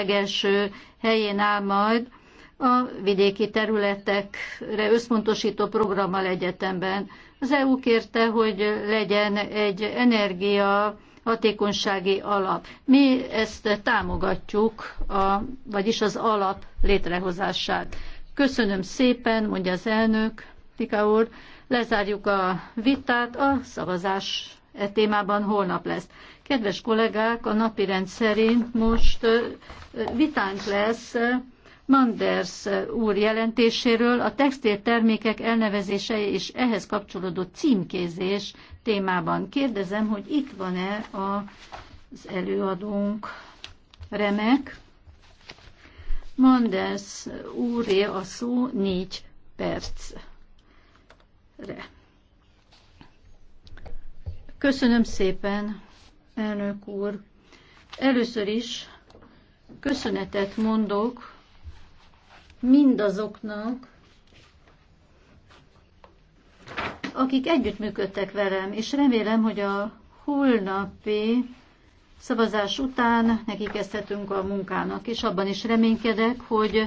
legelső helyén áll majd a vidéki területekre összpontosító programmal egyetemben. Az EU kérte, hogy legyen egy energia hatékonysági alap. Mi ezt támogatjuk, a, vagyis az alap létrehozását. Köszönöm szépen, mondja az elnök, Tika úr. Lezárjuk a vitát, a szavazás e témában holnap lesz. Kedves kollégák, a napirend szerint most vitánk lesz Manders úr jelentéséről a textil termékek elnevezése és ehhez kapcsolódó címkézés témában. Kérdezem, hogy itt van-e az előadónk remek. Manders úré a szó négy percre. Köszönöm szépen! elnök úr. Először is köszönetet mondok mindazoknak, akik együttműködtek velem, és remélem, hogy a holnapi szavazás után neki kezdhetünk a munkának, és abban is reménykedek, hogy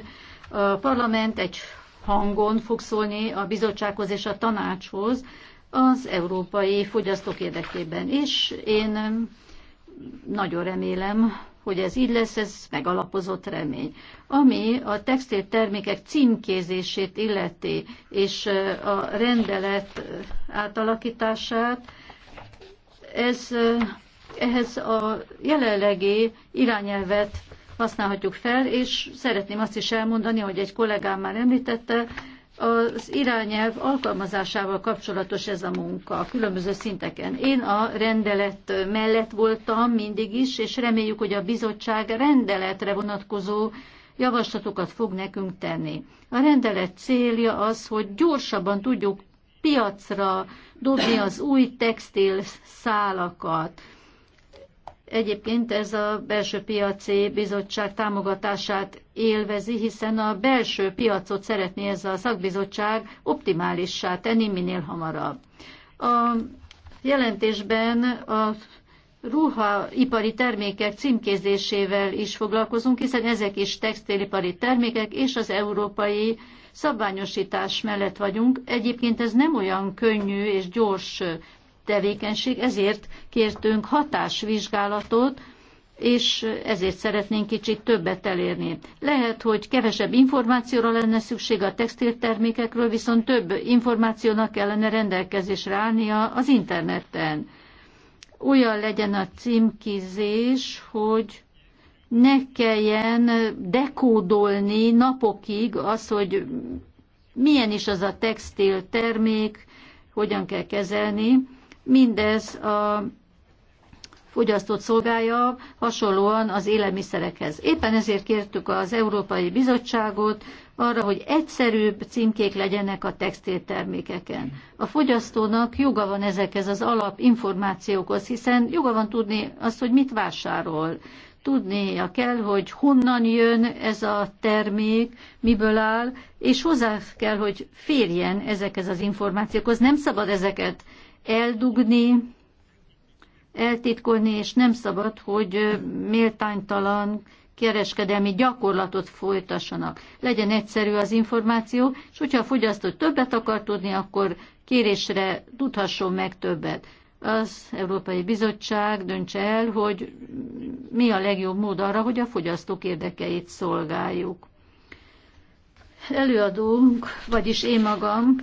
a parlament egy hangon fog szólni a bizottsághoz és a tanácshoz, az európai fogyasztók érdekében is. Én nagyon remélem, hogy ez így lesz, ez megalapozott remény. Ami a textil termékek címkézését illeti, és eh, a rendelet eh, átalakítását, ez, eh, ehhez a jelenlegi irányelvet használhatjuk fel, és szeretném azt is elmondani, hogy egy kollégám már említette, az irányelv alkalmazásával kapcsolatos ez a munka a különböző szinteken. Én a rendelet mellett voltam mindig is, és reméljük, hogy a bizottság rendeletre vonatkozó javaslatokat fog nekünk tenni. A rendelet célja az, hogy gyorsabban tudjuk piacra dobni az új textil szálakat, Egyébként ez a belső piaci bizottság támogatását élvezi, hiszen a belső piacot szeretné ez a szakbizottság optimálissá tenni minél hamarabb. A jelentésben a ruhaipari termékek címkézésével is foglalkozunk, hiszen ezek is textilipari termékek, és az európai szabványosítás mellett vagyunk. Egyébként ez nem olyan könnyű és gyors tevékenység, ezért kértünk hatásvizsgálatot, és ezért szeretnénk kicsit többet elérni. Lehet, hogy kevesebb információra lenne szükség a textiltermékekről, viszont több információnak kellene rendelkezésre állnia az interneten. Olyan legyen a címkizés, hogy ne kelljen dekódolni napokig az, hogy milyen is az a textil termék, hogyan kell kezelni, Mindez a fogyasztott szolgálja, hasonlóan az élelmiszerekhez. Éppen ezért kértük az Európai Bizottságot arra, hogy egyszerűbb címkék legyenek a textiltermékeken. A fogyasztónak joga van ezekhez az alapinformációkhoz, hiszen joga van tudni azt, hogy mit vásárol. Tudnia kell, hogy honnan jön ez a termék, miből áll, és hozzá kell, hogy férjen ezekhez az információkhoz. Nem szabad ezeket eldugni, eltitkolni, és nem szabad, hogy méltánytalan kereskedelmi gyakorlatot folytassanak. Legyen egyszerű az információ, és hogyha a fogyasztó többet akar tudni, akkor kérésre tudhasson meg többet. Az Európai Bizottság döntse el, hogy mi a legjobb mód arra, hogy a fogyasztók érdekeit szolgáljuk. Előadunk, vagyis én magam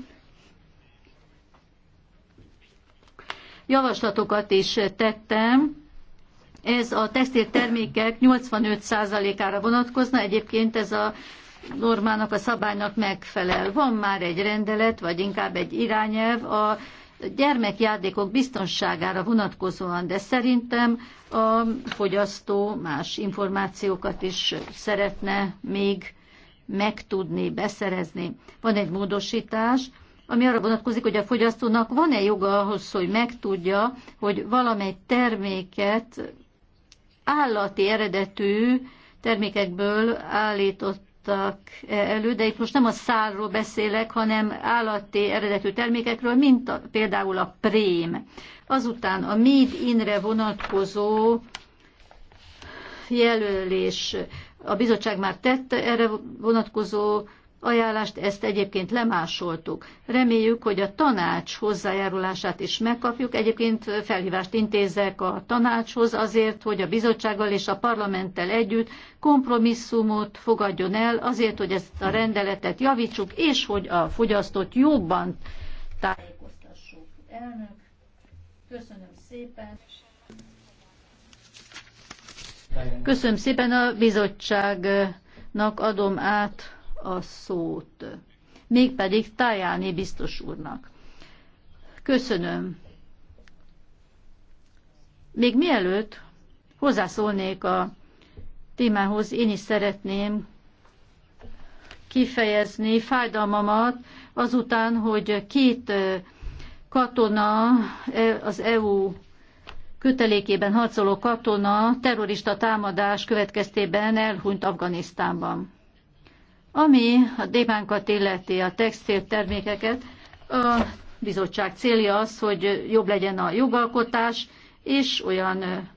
javaslatokat is tettem, ez a textiltermékek 85%-ára vonatkozna, egyébként ez a normának, a szabálynak megfelel. Van már egy rendelet, vagy inkább egy irányelv a gyermekjátékok biztonságára vonatkozóan, de szerintem a fogyasztó más információkat is szeretne még megtudni, beszerezni. Van egy módosítás, ami arra vonatkozik, hogy a fogyasztónak van-e joga ahhoz, hogy megtudja, hogy valamely terméket állati eredetű termékekből állított elő, de itt most nem a szárról beszélek, hanem állati eredetű termékekről, mint a, például a prém. Azután a made inre vonatkozó jelölés. A bizottság már tette erre vonatkozó ajánlást, ezt egyébként lemásoltuk. Reméljük, hogy a tanács hozzájárulását is megkapjuk. Egyébként felhívást intézek a tanácshoz azért, hogy a bizottsággal és a parlamenttel együtt kompromisszumot fogadjon el, azért, hogy ezt a rendeletet javítsuk, és hogy a fogyasztót jobban tájékoztassuk. Elnök, köszönöm szépen. Köszönöm szépen a bizottságnak adom át a szót, mégpedig Tajáni biztos úrnak. Köszönöm. Még mielőtt hozzászólnék a témához, én is szeretném kifejezni fájdalmamat azután, hogy két katona, az EU kötelékében harcoló katona terrorista támadás következtében elhunyt Afganisztánban. Ami a démánkat illeti, a textil termékeket, a bizottság célja az, hogy jobb legyen a jogalkotás, és olyan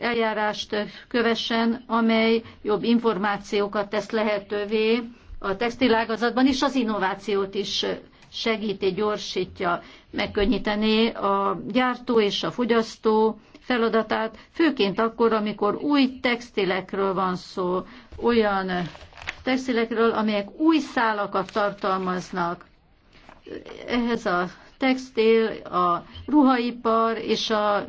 eljárást kövessen, amely jobb információkat tesz lehetővé a textilágazatban, és az innovációt is segíti, gyorsítja, megkönnyíteni a gyártó és a fogyasztó feladatát, főként akkor, amikor új textilekről van szó, olyan textilekről, amelyek új szálakat tartalmaznak. Ehhez a textil, a ruhaipar és a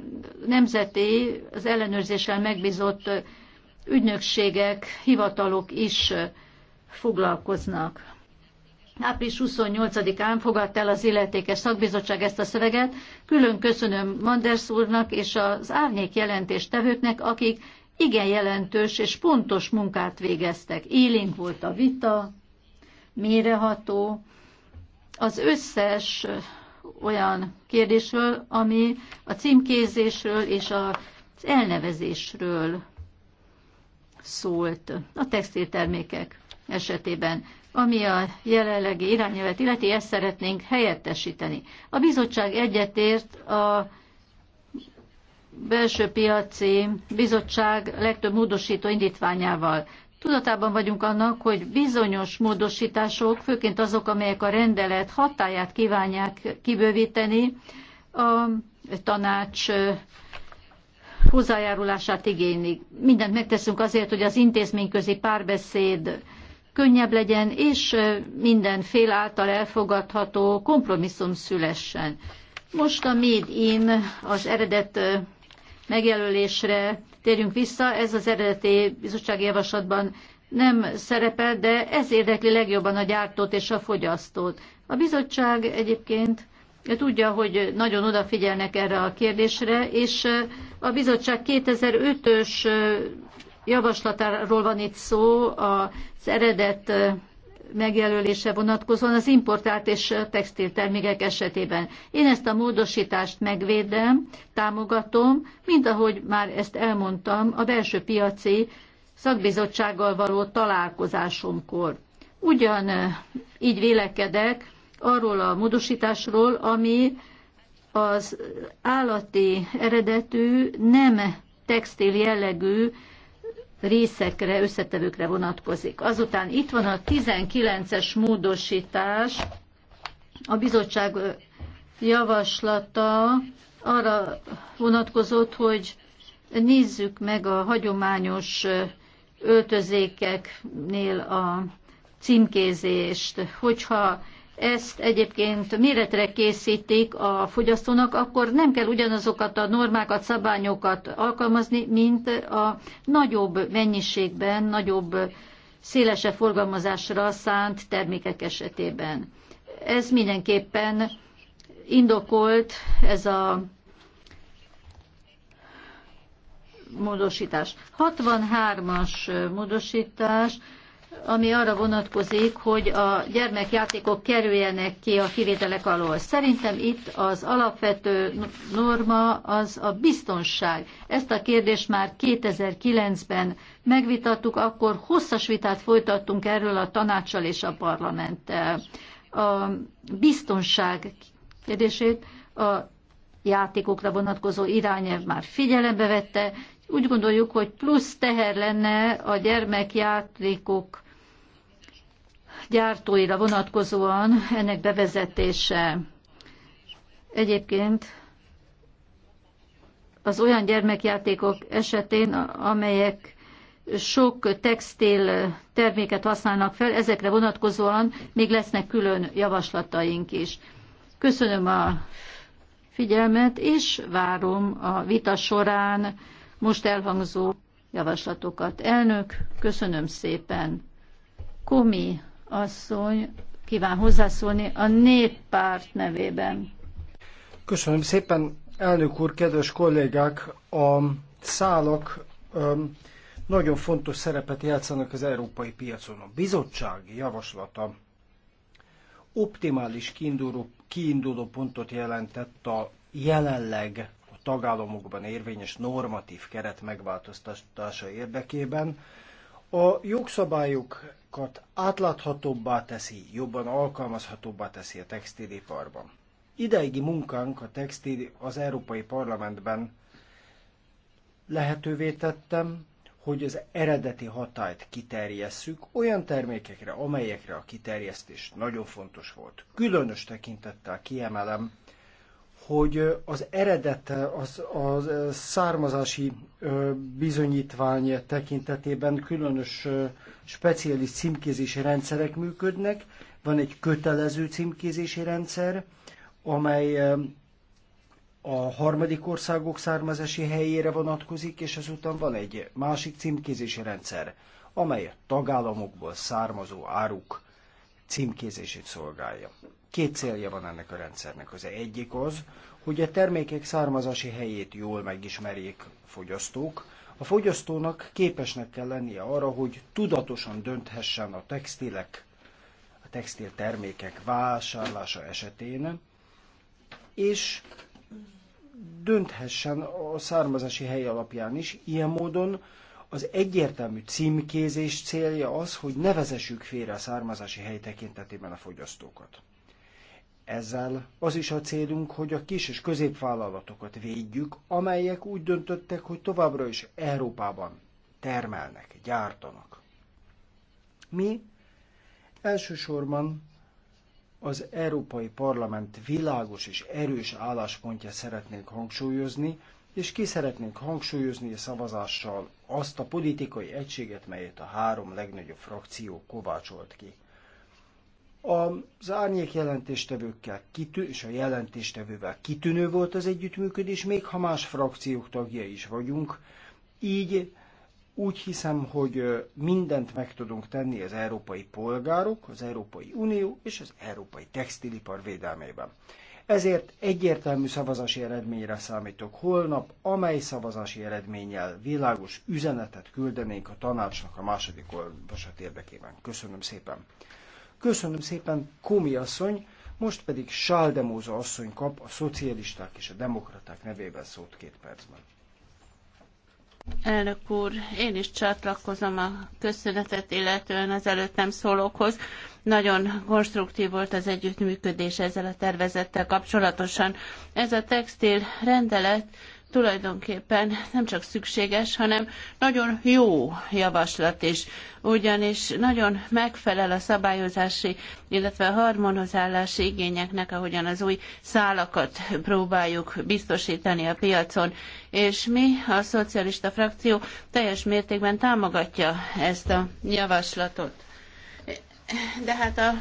nemzeti, az ellenőrzéssel megbízott ügynökségek, hivatalok is foglalkoznak. Április 28-án fogadta el az illetékes szakbizottság ezt a szöveget. Külön köszönöm Manders úrnak és az árnyék jelentéstevőknek, akik igen jelentős és pontos munkát végeztek. Élénk volt a vita, méreható, az összes olyan kérdésről, ami a címkézésről és az elnevezésről szólt a textiltermékek esetében. Ami a jelenlegi irányelvet illeti, ezt szeretnénk helyettesíteni. A bizottság egyetért a belső piaci bizottság legtöbb módosító indítványával. Tudatában vagyunk annak, hogy bizonyos módosítások, főként azok, amelyek a rendelet hatáját kívánják kibővíteni, a tanács hozzájárulását igénylik. Mindent megteszünk azért, hogy az intézményközi párbeszéd könnyebb legyen, és minden fél által elfogadható kompromisszum szülessen. Most a Made in az eredet megjelölésre térjünk vissza. Ez az eredeti bizottsági javaslatban nem szerepel, de ez érdekli legjobban a gyártót és a fogyasztót. A bizottság egyébként tudja, hogy nagyon odafigyelnek erre a kérdésre, és a bizottság 2005-ös javaslatáról van itt szó, az eredet megjelölése vonatkozóan az importált és textiltermékek esetében. Én ezt a módosítást megvédem, támogatom, mint ahogy már ezt elmondtam a belső piaci szakbizottsággal való találkozásomkor. Ugyan eh, így vélekedek arról a módosításról, ami az állati eredetű, nem textil jellegű részekre, összetevőkre vonatkozik. Azután itt van a 19-es módosítás, a bizottság javaslata arra vonatkozott, hogy nézzük meg a hagyományos öltözékeknél a címkézést, hogyha ezt egyébként méretre készítik a fogyasztónak, akkor nem kell ugyanazokat a normákat, szabályokat alkalmazni, mint a nagyobb mennyiségben, nagyobb, szélesebb forgalmazásra szánt termékek esetében. Ez mindenképpen indokolt ez a módosítás. 63-as módosítás ami arra vonatkozik, hogy a gyermekjátékok kerüljenek ki a kivételek alól. Szerintem itt az alapvető norma az a biztonság. Ezt a kérdést már 2009-ben megvitattuk, akkor hosszas vitát folytattunk erről a tanácssal és a parlamenttel. A biztonság kérdését a játékokra vonatkozó irányelv már figyelembe vette, úgy gondoljuk, hogy plusz teher lenne a gyermekjátékok gyártóira vonatkozóan ennek bevezetése. Egyébként az olyan gyermekjátékok esetén, amelyek sok textil terméket használnak fel, ezekre vonatkozóan még lesznek külön javaslataink is. Köszönöm a figyelmet, és várom a vita során most elhangzó javaslatokat. Elnök, köszönöm szépen. Komi asszony kíván hozzászólni a néppárt nevében. Köszönöm szépen, elnök úr, kedves kollégák! A szálak um, nagyon fontos szerepet játszanak az európai piacon. A bizottság javaslata optimális kiinduló, kiinduló pontot jelentett a jelenleg a tagállamokban érvényes normatív keret megváltoztatása érdekében. A jogszabályok anyagokat átláthatóbbá teszi, jobban alkalmazhatóbbá teszi a textiliparban. Ideigi munkánk a textil az Európai Parlamentben lehetővé tettem, hogy az eredeti hatályt kiterjesszük olyan termékekre, amelyekre a kiterjesztés nagyon fontos volt. Különös tekintettel kiemelem hogy az eredet, az, az származási bizonyítvány tekintetében különös speciális címkézési rendszerek működnek. Van egy kötelező címkézési rendszer, amely a harmadik országok származási helyére vonatkozik, és ezután van egy másik címkézési rendszer, amely a tagállamokból származó áruk címkézését szolgálja. Két célja van ennek a rendszernek. Az egyik az, hogy a termékek származási helyét jól megismerjék fogyasztók. A fogyasztónak képesnek kell lennie arra, hogy tudatosan dönthessen a textilek, a textil termékek vásárlása esetén, és dönthessen a származási hely alapján is. Ilyen módon az egyértelmű címkézés célja az, hogy nevezessük félre a származási hely tekintetében a fogyasztókat. Ezzel az is a célunk, hogy a kis és középvállalatokat védjük, amelyek úgy döntöttek, hogy továbbra is Európában termelnek, gyártanak. Mi elsősorban az Európai Parlament világos és erős álláspontját szeretnénk hangsúlyozni, és ki szeretnénk hangsúlyozni a szavazással azt a politikai egységet, melyet a három legnagyobb frakció kovácsolt ki. Az árnyék jelentéstevőkkel kitű, és a jelentéstevővel kitűnő volt az együttműködés, még ha más frakciók tagjai is vagyunk. Így úgy hiszem, hogy mindent meg tudunk tenni az európai polgárok, az Európai Unió és az európai textilipar védelmében. Ezért egyértelmű szavazási eredményre számítok holnap, amely szavazási eredménnyel világos üzenetet küldenénk a tanácsnak a második olvasat érdekében. Köszönöm szépen! Köszönöm szépen, Komi asszony, most pedig Sáldemóza asszony kap a szocialisták és a demokraták nevében szót két percben. Elnök úr, én is csatlakozom a köszönetet illetően az előttem szólókhoz. Nagyon konstruktív volt az együttműködés ezzel a tervezettel kapcsolatosan. Ez a textil rendelet tulajdonképpen nem csak szükséges, hanem nagyon jó javaslat is, ugyanis nagyon megfelel a szabályozási, illetve a harmonizálási igényeknek, ahogyan az új szálakat próbáljuk biztosítani a piacon. És mi, a szocialista frakció teljes mértékben támogatja ezt a javaslatot. De hát a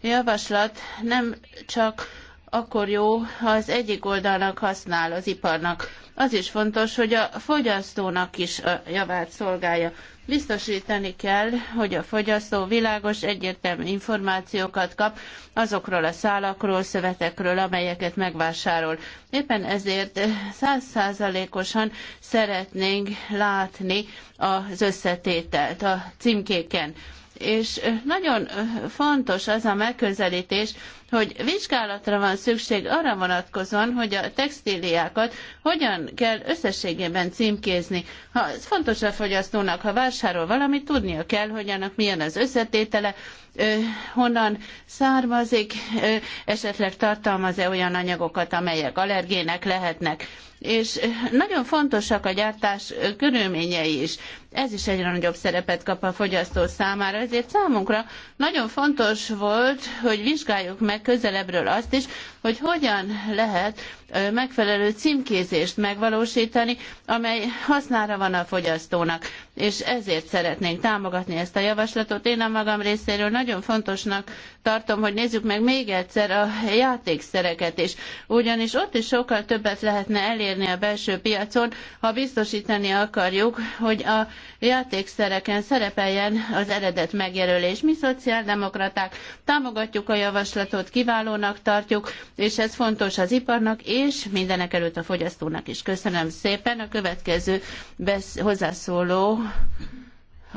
javaslat nem csak akkor jó, ha az egyik oldalnak használ az iparnak. Az is fontos, hogy a fogyasztónak is a javát szolgálja. Biztosítani kell, hogy a fogyasztó világos, egyértelmű információkat kap azokról a szálakról, szövetekről, amelyeket megvásárol. Éppen ezért százszázalékosan szeretnénk látni az összetételt a címkéken és nagyon fontos az a megközelítés, hogy vizsgálatra van szükség arra vonatkozóan, hogy a textíliákat hogyan kell összességében címkézni. Ha ez fontos a fogyasztónak, ha vásárol valamit, tudnia kell, hogy annak milyen az összetétele, honnan származik, esetleg tartalmaz-e olyan anyagokat, amelyek allergének lehetnek. És nagyon fontosak a gyártás körülményei is. Ez is egyre nagyobb szerepet kap a fogyasztó számára, ezért számunkra nagyon fontos volt, hogy vizsgáljuk meg, közelebbről azt is, hogy hogyan lehet megfelelő címkézést megvalósítani, amely hasznára van a fogyasztónak. És ezért szeretnénk támogatni ezt a javaslatot. Én a magam részéről nagyon fontosnak tartom, hogy nézzük meg még egyszer a játékszereket is. Ugyanis ott is sokkal többet lehetne elérni a belső piacon, ha biztosítani akarjuk, hogy a játékszereken szerepeljen az eredet megjelölés. Mi szociáldemokraták támogatjuk a javaslatot, kiválónak tartjuk, és ez fontos az iparnak és is, mindenek előtt a fogyasztónak is. Köszönöm szépen. A következő besz- hozzászóló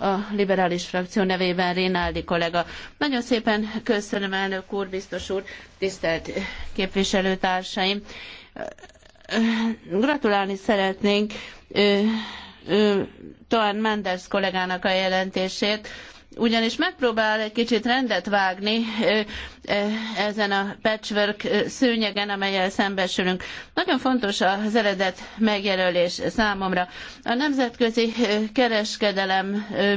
a liberális frakció nevében Rénáldi kollega. Nagyon szépen köszönöm, elnök úr, biztos úr, tisztelt képviselőtársaim. Gratulálni szeretnénk Toán Menders kollégának a jelentését ugyanis megpróbál egy kicsit rendet vágni ezen a patchwork szőnyegen, amelyel szembesülünk. Nagyon fontos az eredet megjelölés számomra. A Nemzetközi Kereskedelem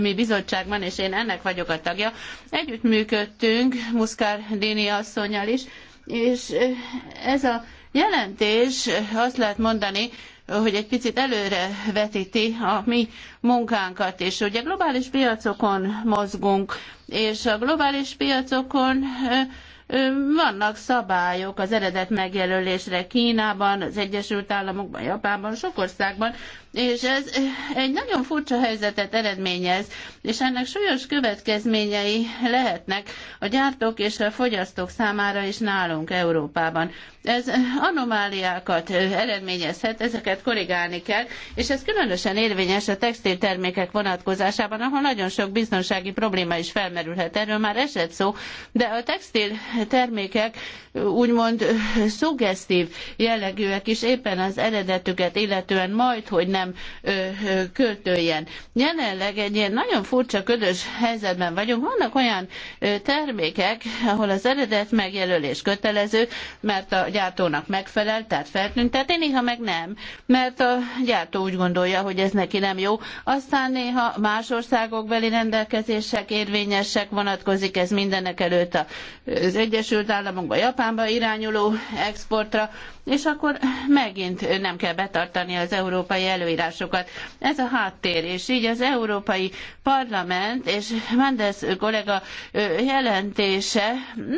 mi bizottságban, és én ennek vagyok a tagja, együttműködtünk Muszkár Dini asszonyal is, és ez a jelentés azt lehet mondani, hogy egy picit előre vetíti a mi munkánkat, és ugye globális piacokon mozgunk, és a globális piacokon vannak szabályok az eredet megjelölésre Kínában, az Egyesült Államokban, Japánban, sok országban, és ez eh, egy nagyon furcsa helyzetet eredményez, és ennek súlyos következményei lehetnek a gyártók és a fogyasztók számára is nálunk Európában. Ez eh, anomáliákat eh, eredményezhet, ezeket korrigálni kell, és ez különösen érvényes a textiltermékek vonatkozásában, ahol nagyon sok biztonsági probléma is felmerülhet. Erről már esett szó, de a textiltermékek úgymond szuggesztív jellegűek is éppen az eredetüket illetően majd, hogy nem költőjen. Jelenleg egy ilyen nagyon furcsa ködös helyzetben vagyunk. Vannak olyan termékek, ahol az eredet megjelölés kötelező, mert a gyártónak megfelel, tehát feltüntetni, néha meg nem, mert a gyártó úgy gondolja, hogy ez neki nem jó. Aztán néha más országok rendelkezések érvényesek, vonatkozik ez mindenek előtt az Egyesült Államokba, Japánba irányuló exportra, és akkor megint nem kell betartani az európai előírásokat. Ez a háttér, és így az Európai Parlament és Mendes kollega jelentése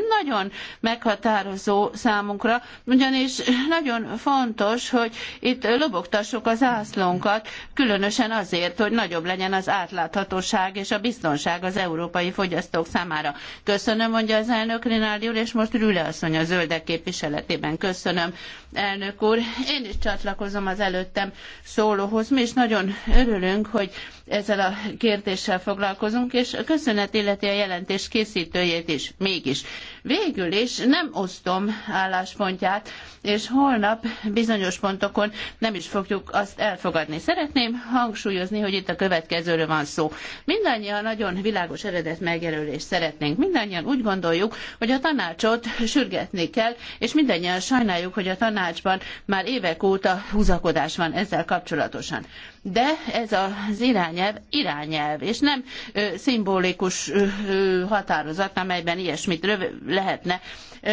nagyon meghatározó számunkra, ugyanis nagyon fontos, hogy itt lobogtassuk az ászlónkat, különösen azért, hogy nagyobb legyen az átláthatóság és a biztonság az európai fogyasztók számára. Köszönöm, mondja az elnök Rinaldi úr, és most Rüle asszony a zöldek képviseletében. Köszönöm elnök úr. Én is csatlakozom az előttem szólóhoz. Mi is nagyon örülünk, hogy ezzel a kérdéssel foglalkozunk, és köszönet illeti a jelentés készítőjét is. Mégis Végül is nem osztom álláspontját, és holnap bizonyos pontokon nem is fogjuk azt elfogadni. Szeretném hangsúlyozni, hogy itt a következőről van szó. Mindannyian nagyon világos eredet megjelölést szeretnénk. Mindannyian úgy gondoljuk, hogy a tanácsot sürgetni kell, és mindannyian sajnáljuk, hogy a tanácsban már évek óta húzakodás van ezzel kapcsolatosan de ez az irányelv irányelv, és nem ö, szimbolikus ö, ö, határozat, amelyben ilyesmit röv- lehetne ö,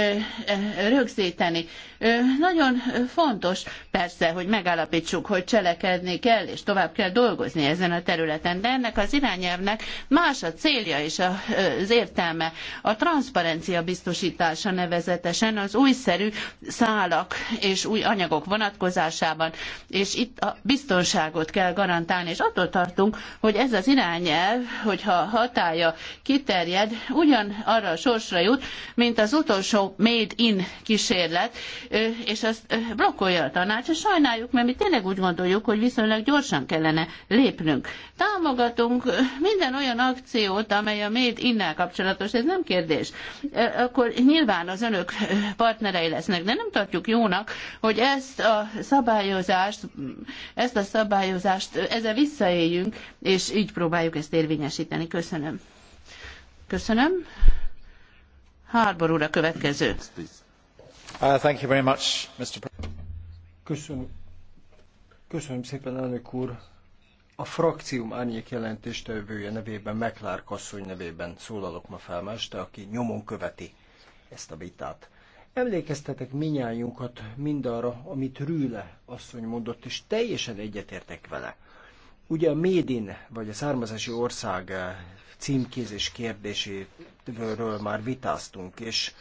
ö, rögzíteni. Nagyon fontos persze, hogy megállapítsuk, hogy cselekedni kell, és tovább kell dolgozni ezen a területen, de ennek az irányelvnek más a célja és az értelme. A transzparencia biztosítása nevezetesen az újszerű szálak és új anyagok vonatkozásában, és itt a biztonságot kell garantálni, és attól tartunk, hogy ez az irányelv, hogyha hatája kiterjed, ugyan arra a sorsra jut, mint az utolsó Made in kísérlet, és ezt blokkolja a tanács, és sajnáljuk, mert mi tényleg úgy gondoljuk, hogy viszonylag gyorsan kellene lépnünk. Támogatunk minden olyan akciót, amely a Made innel kapcsolatos, ez nem kérdés. Akkor nyilván az önök partnerei lesznek, de nem tartjuk jónak, hogy ezt a szabályozást, ezt a szabályozást, ezzel visszaéljünk, és így próbáljuk ezt érvényesíteni. Köszönöm. Köszönöm. Harbor úr a következő. Uh, Köszönöm. szépen, elnök úr. A frakcióm árnyék jelentéstevője nevében, Meklár Kasszony nevében szólalok ma fel, mester, aki nyomon követi ezt a vitát. Emlékeztetek minnyájunkat mindarra, amit Rüle asszony mondott, és teljesen egyetértek vele. Ugye a Médin, vagy a származási ország eh, címkézés kérdéséről már vitáztunk, és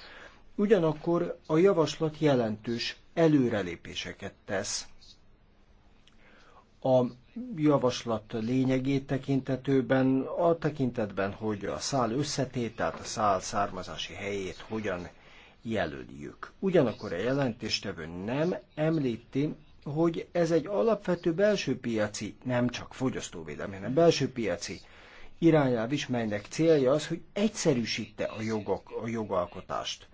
Ugyanakkor a javaslat jelentős előrelépéseket tesz. A javaslat lényegét tekintetőben, a tekintetben, hogy a szál összetételt, a szál származási helyét hogyan jelöljük. Ugyanakkor a jelentéstevő nem említi, hogy ez egy alapvető belső piaci, nem csak fogyasztóvédelmi, hanem belső piaci irányelv is, melynek célja az, hogy egyszerűsíte a, jogok, a jogalkotást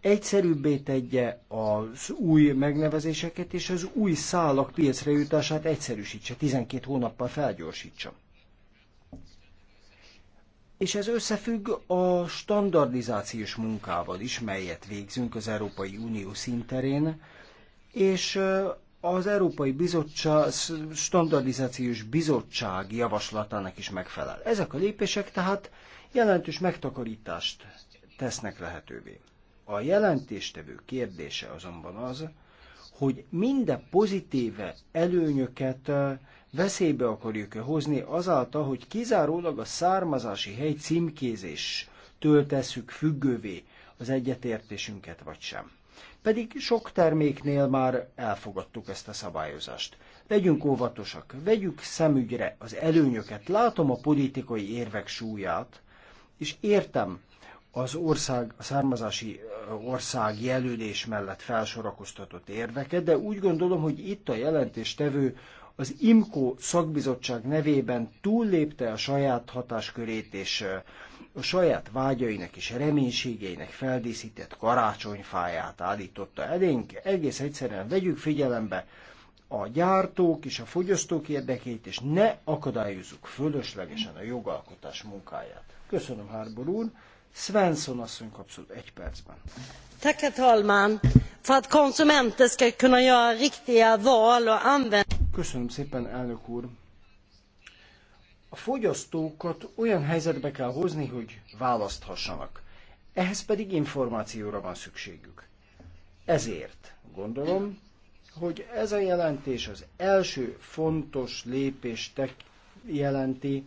egyszerűbbé tegye az új megnevezéseket és az új szálak piacra jutását egyszerűsítse, 12 hónappal felgyorsítsa. És ez összefügg a standardizációs munkával is, melyet végzünk az Európai Unió szinterén, és az Európai Bizottság, Standardizációs Bizottság javaslatának is megfelel. Ezek a lépések tehát jelentős megtakarítást tesznek lehetővé. A jelentéstevő kérdése azonban az, hogy minden pozitíve előnyöket veszélybe akarjuk-e hozni azáltal, hogy kizárólag a származási hely címkézéstől tesszük függővé az egyetértésünket vagy sem. Pedig sok terméknél már elfogadtuk ezt a szabályozást. Legyünk óvatosak, vegyük szemügyre az előnyöket, látom a politikai érvek súlyát, és értem, az ország, a származási ország jelölés mellett felsorakoztatott érveket, de úgy gondolom, hogy itt a jelentéstevő az IMCO szakbizottság nevében túllépte a saját hatáskörét, és a saját vágyainak és reménységeinek feldíszített karácsonyfáját állította elénk. Egész egyszerűen vegyük figyelembe a gyártók és a fogyasztók érdekét, és ne akadályozzuk fölöslegesen a jogalkotás munkáját. Köszönöm, Hárbor úr! Svensson asszony kapszott egy percben. Tack, herr talman! För att konsumenter ska kunna göra riktiga val och använda... Köszönöm szépen, elnök úr! A fogyasztókat olyan helyzetbe kell hozni, hogy választhassanak. Ehhez pedig információra van szükségük. Ezért gondolom, hogy ez a jelentés az első fontos lépést jelenti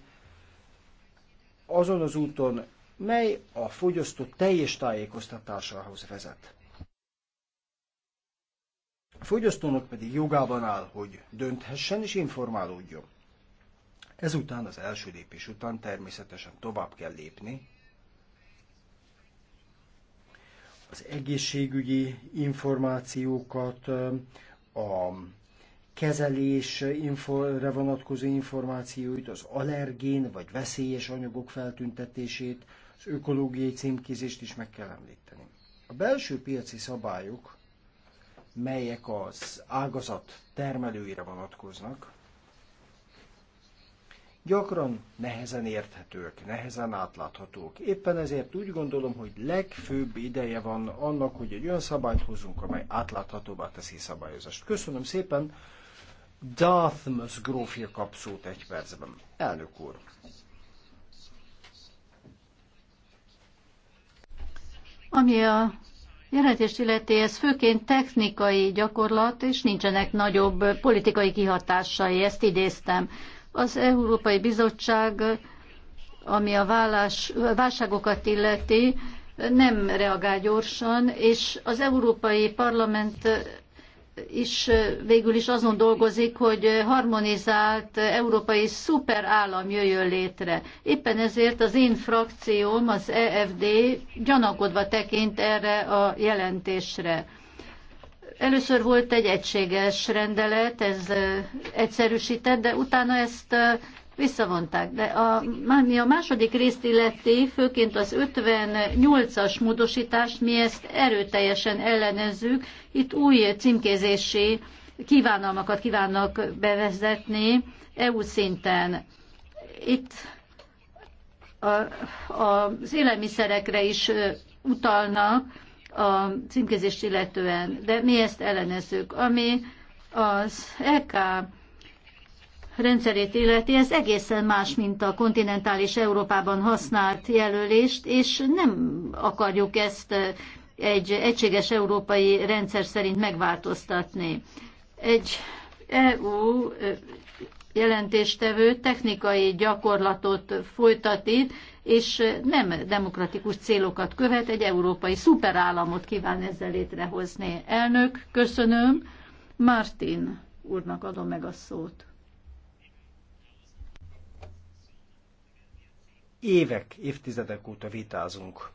azon az úton, mely a fogyasztó teljes tájékoztatásához vezet. A fogyasztónak pedig jogában áll, hogy dönthessen és informálódjon. Ezután, az első lépés után természetesen tovább kell lépni. Az egészségügyi információkat, a kezelésre vonatkozó információit, az allergén vagy veszélyes anyagok feltüntetését, az ökológiai címkézést is meg kell említeni. A belső piaci szabályok, melyek az ágazat termelőire vonatkoznak, gyakran nehezen érthetők, nehezen átláthatók. Éppen ezért úgy gondolom, hogy legfőbb ideje van annak, hogy egy olyan szabályt hozunk, amely átláthatóbbá teszi szabályozást. Köszönöm szépen! Dartmouth grófja kapszót egy percben. Elnök úr, Ami a jelentést illeti, ez főként technikai gyakorlat, és nincsenek nagyobb politikai kihatásai, ezt idéztem. Az Európai Bizottság, ami a vállás, válságokat illeti, nem reagál gyorsan, és az Európai Parlament is végül is azon dolgozik, hogy harmonizált európai szuperállam jöjjön létre. Éppen ezért az én frakcióm, az EFD gyanakodva tekint erre a jelentésre. Először volt egy egységes rendelet, ez egyszerűsített, de utána ezt visszavonták. De a, mi a második részt illeti, főként az 58-as módosítást, mi ezt erőteljesen ellenezzük. Itt új címkézési kívánalmakat kívánnak bevezetni EU szinten. Itt a, a, az élelmiszerekre is utalnak a címkézést illetően, de mi ezt ellenezzük. Ami az EK rendszerét illeti, ez egészen más, mint a kontinentális Európában használt jelölést, és nem akarjuk ezt eh, egy egységes európai rendszer szerint megváltoztatni. Egy EU eh, jelentéstevő technikai gyakorlatot folytat itt, és eh, nem demokratikus célokat követ, egy európai szuperállamot kíván ezzel létrehozni. Elnök, köszönöm. Martin úrnak adom meg a szót. évek, évtizedek óta vitázunk.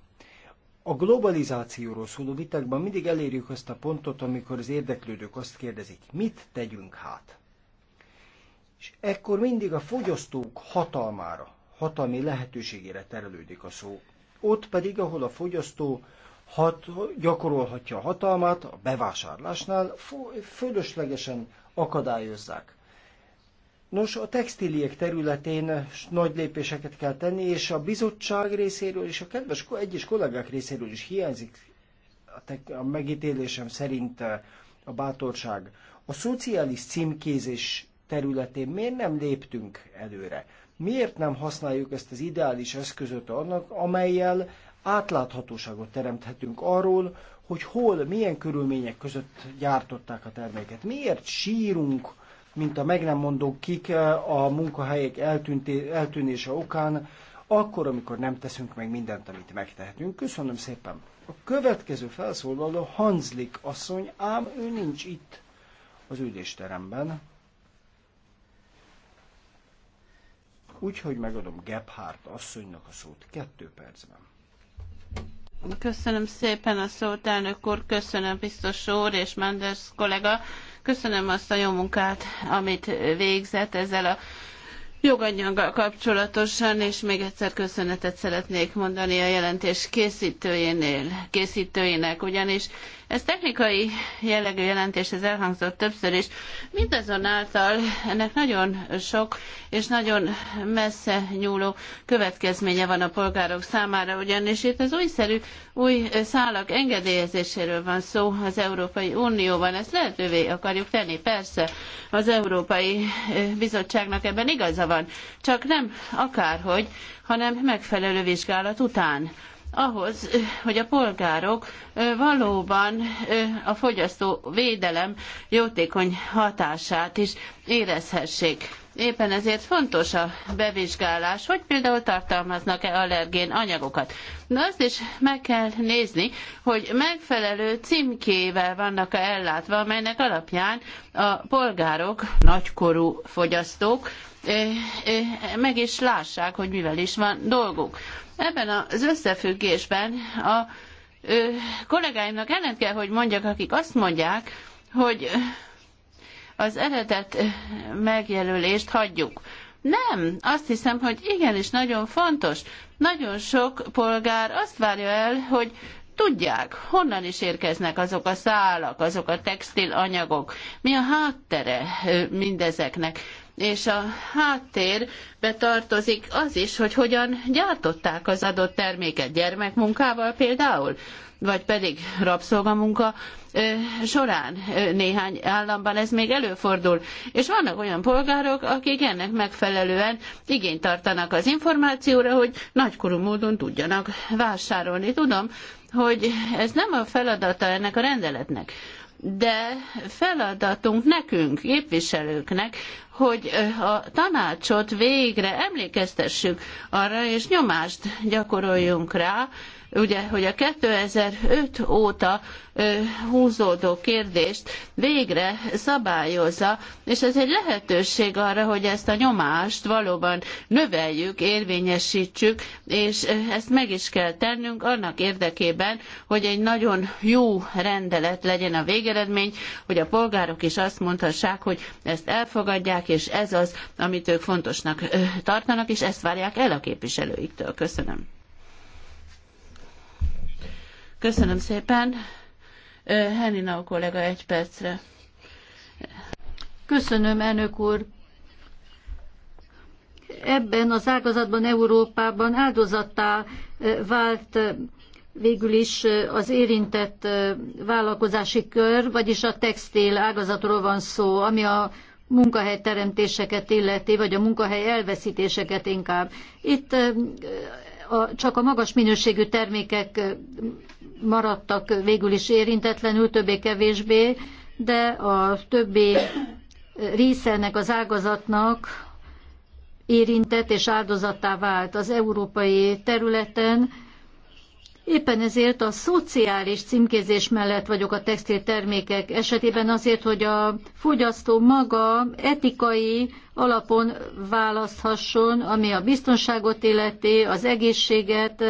A globalizációról szóló vitákban mindig elérjük azt a pontot, amikor az érdeklődők azt kérdezik, mit tegyünk hát? És ekkor mindig a fogyasztók hatalmára, hatalmi lehetőségére terelődik a szó. Ott pedig, ahol a fogyasztó hat, gyakorolhatja a hatalmát a bevásárlásnál, fölöslegesen akadályozzák Nos, a textiliek területén nagy lépéseket kell tenni, és a bizottság részéről és a kedves egyes kollégák részéről is hiányzik a, te- a megítélésem szerint eh, a bátorság. A szociális címkézés területén miért nem léptünk előre? Miért nem használjuk ezt az ideális eszközöt annak, amelyel átláthatóságot teremthetünk arról, hogy hol, milyen körülmények között gyártották a terméket? Miért sírunk mint a meg nem mondó kik eh, a munkahelyek eltűnté, eltűnése okán, akkor, amikor nem teszünk meg mindent, amit megtehetünk. Köszönöm szépen. A következő felszólaló Hanslik asszony, ám ő nincs itt az ülésteremben. Úgyhogy megadom Gebhardt asszonynak a szót kettő percben. Köszönöm szépen a szót, elnök úr, köszönöm biztos úr és Mendes kollega. Köszönöm azt a jó munkát, amit végzett ezzel a joganyaggal kapcsolatosan, és még egyszer köszönetet szeretnék mondani a jelentés készítőjénél, készítőjének, ugyanis ez technikai jellegű jelentés, ez elhangzott többször is. Mindazonáltal ennek nagyon sok és nagyon messze nyúló következménye van a polgárok számára, ugyanis itt az újszerű új szálak engedélyezéséről van szó az Európai Unióban. Ezt lehetővé akarjuk tenni, persze az Európai Bizottságnak ebben igaza van, csak nem akárhogy, hanem megfelelő vizsgálat után ahhoz, hogy a polgárok valóban a fogyasztó védelem jótékony hatását is érezhessék. Éppen ezért fontos a bevizsgálás, hogy például tartalmaznak-e allergén anyagokat. De azt is meg kell nézni, hogy megfelelő címkével vannak-e ellátva, amelynek alapján a polgárok, nagykorú fogyasztók meg is lássák, hogy mivel is van dolguk. Ebben az összefüggésben a kollégáimnak ellent kell, hogy mondjak, akik azt mondják, hogy az eredet eh, megjelölést hagyjuk. Nem, azt hiszem, hogy igenis nagyon fontos. Nagyon sok polgár azt várja el, hogy tudják, honnan is érkeznek azok a szálak, azok a textilanyagok, mi a háttere eh, mindezeknek. És a háttérbe tartozik az is, hogy hogyan gyártották az adott terméket gyermekmunkával például vagy pedig rabszolgamunka során néhány államban ez még előfordul. És vannak olyan polgárok, akik ennek megfelelően igényt tartanak az információra, hogy nagykorú módon tudjanak vásárolni. Tudom, hogy ez nem a feladata ennek a rendeletnek de feladatunk nekünk, képviselőknek, hogy a tanácsot végre emlékeztessük arra, és nyomást gyakoroljunk rá, ugye, hogy a 2005 óta húzódó kérdést végre szabályozza, és ez egy lehetőség arra, hogy ezt a nyomást valóban növeljük, érvényesítsük, és ezt meg is kell tennünk annak érdekében, hogy egy nagyon jó rendelet legyen a végeredmény, hogy a polgárok is azt mondhassák, hogy ezt elfogadják, és ez az, amit ők fontosnak tartanak, és ezt várják el a képviselőiktől. Köszönöm. Köszönöm szépen. Henina a kollega egy percre. Köszönöm, elnök úr. Ebben az ágazatban Európában áldozattá vált végül is az érintett vállalkozási kör, vagyis a textil ágazatról van szó, ami a munkahelyteremtéseket illeti, vagy a munkahely elveszítéseket inkább. Itt a, csak a magas minőségű termékek maradtak végül is érintetlenül, többé-kevésbé, de a többi része ennek az ágazatnak érintett és áldozattá vált az európai területen, Éppen ezért a szociális címkézés mellett vagyok a textiltermékek esetében azért, hogy a fogyasztó maga etikai alapon választhasson, ami a biztonságot illeti, az egészséget,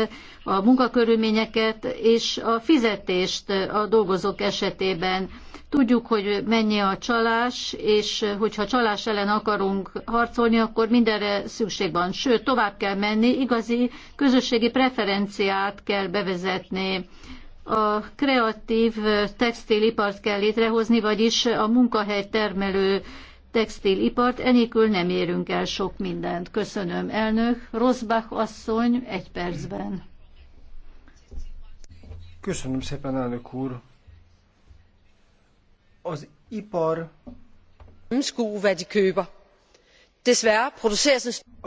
a munkakörülményeket és a fizetést a dolgozók esetében Tudjuk, hogy mennyi a csalás, és hogyha csalás ellen akarunk harcolni, akkor mindenre szükség van. Sőt, tovább kell menni, igazi közösségi preferenciát kell bevezetni a kreatív textilipart kell létrehozni, vagyis a munkahely termelő textilipart, enélkül nem érünk el sok mindent. Köszönöm, elnök. Rosbach asszony, egy percben. Köszönöm szépen, elnök úr az ipar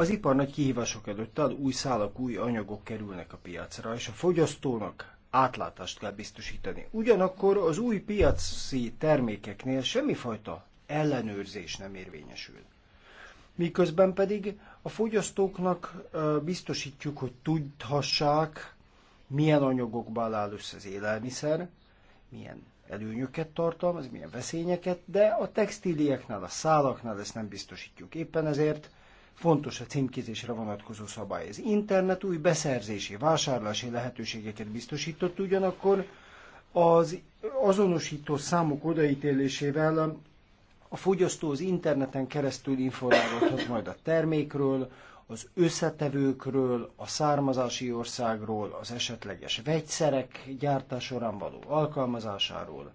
Az ipar nagy kihívások előtt áll, új szálak, új anyagok kerülnek a piacra, és a fogyasztónak átlátást kell biztosítani. Ugyanakkor az új piaci termékeknél semmifajta ellenőrzés nem érvényesül. Miközben pedig a fogyasztóknak biztosítjuk, hogy tudhassák, milyen anyagokból áll össze az élelmiszer, milyen előnyöket tartalmaz, milyen veszélyeket, de a textilieknél, a szálaknál ezt nem biztosítjuk. Éppen ezért fontos a címkézésre vonatkozó szabály. Az internet új beszerzési, vásárlási lehetőségeket biztosított, ugyanakkor az azonosító számok odaítélésével a fogyasztó az interneten keresztül informálódhat majd a termékről, az összetevőkről, a származási országról, az esetleges vegyszerek gyártás során való alkalmazásáról.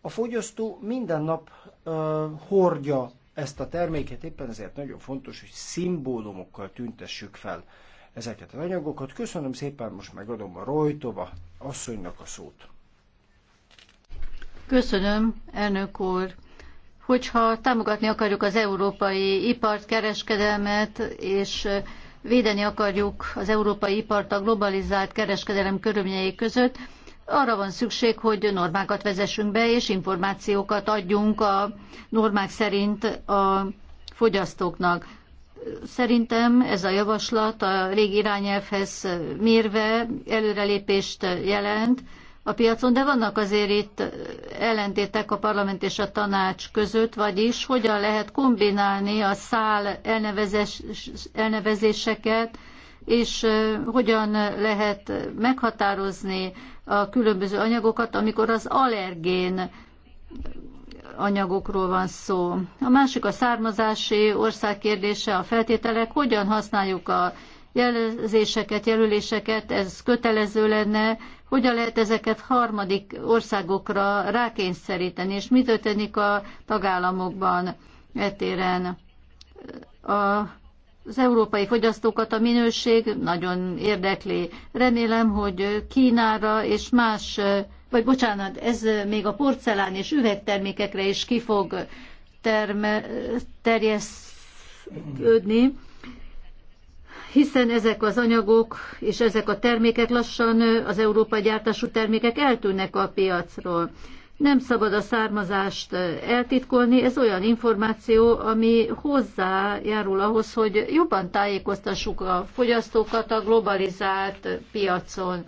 A fogyasztó minden nap ö, hordja ezt a terméket, éppen ezért nagyon fontos, hogy szimbólumokkal tüntessük fel ezeket az anyagokat. Köszönöm szépen, most megadom a Rojtova asszonynak a szót. Köszönöm, elnök úr hogyha támogatni akarjuk az európai ipart, kereskedelmet, és védeni akarjuk az európai ipart a globalizált kereskedelem körülményei között, arra van szükség, hogy normákat vezessünk be, és információkat adjunk a normák szerint a fogyasztóknak. Szerintem ez a javaslat a régi irányelvhez mérve előrelépést jelent, a piacon, de vannak azért itt ellentétek a parlament és a tanács között, vagyis hogyan lehet kombinálni a szál elnevezés, elnevezéseket, és hogyan lehet meghatározni a különböző anyagokat, amikor az allergén anyagokról van szó. A másik a származási ország kérdése, a feltételek, hogyan használjuk a jelzéseket, jelöléseket, ez kötelező lenne, hogyan lehet ezeket harmadik országokra rákényszeríteni, és mi történik a tagállamokban etéren. A az európai fogyasztókat a minőség nagyon érdekli. Remélem, hogy Kínára és más, vagy bocsánat, ez még a porcelán és üvegtermékekre is ki fog terme, terjesztődni, hiszen ezek az anyagok és ezek a termékek lassan az európai gyártású termékek eltűnnek a piacról. Nem szabad a származást eltitkolni, ez olyan információ, ami hozzájárul ahhoz, hogy jobban tájékoztassuk a fogyasztókat a globalizált piacon.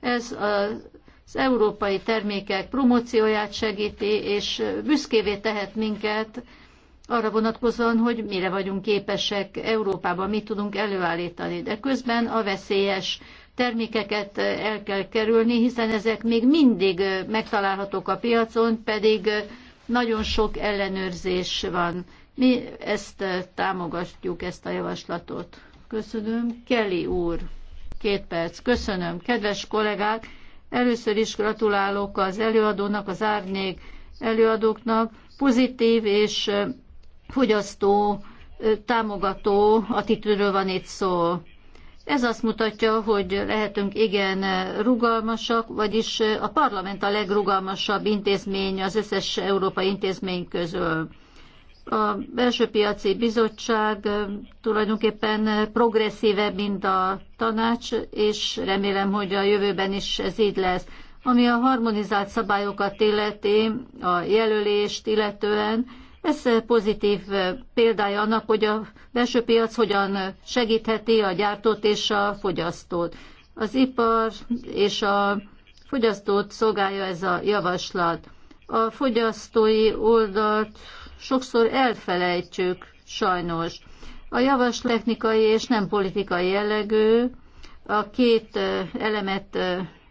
Ez az európai termékek promócióját segíti, és büszkévé tehet minket, arra vonatkozóan, hogy mire vagyunk képesek Európában, mit tudunk előállítani. De közben a veszélyes termékeket el kell kerülni, hiszen ezek még mindig megtalálhatók a piacon, pedig nagyon sok ellenőrzés van. Mi ezt támogatjuk, ezt a javaslatot. Köszönöm. Kelly úr, két perc. Köszönöm. Kedves kollégák, először is gratulálok az előadónak, az árnyék előadóknak. Pozitív és fogyasztó támogató attitűdről van itt szó. Ez azt mutatja, hogy lehetünk igen rugalmasak, vagyis a parlament a legrugalmasabb intézmény az összes európai intézmény közül. A belső piaci bizottság tulajdonképpen progresszívebb, mint a tanács, és remélem, hogy a jövőben is ez így lesz. Ami a harmonizált szabályokat illeti, a jelölést illetően, ez pozitív példája annak, hogy a belső piac hogyan segítheti a gyártót és a fogyasztót. Az ipar és a fogyasztót szolgálja ez a javaslat. A fogyasztói oldalt sokszor elfelejtjük, sajnos. A javas technikai és nem politikai jellegű, a két elemet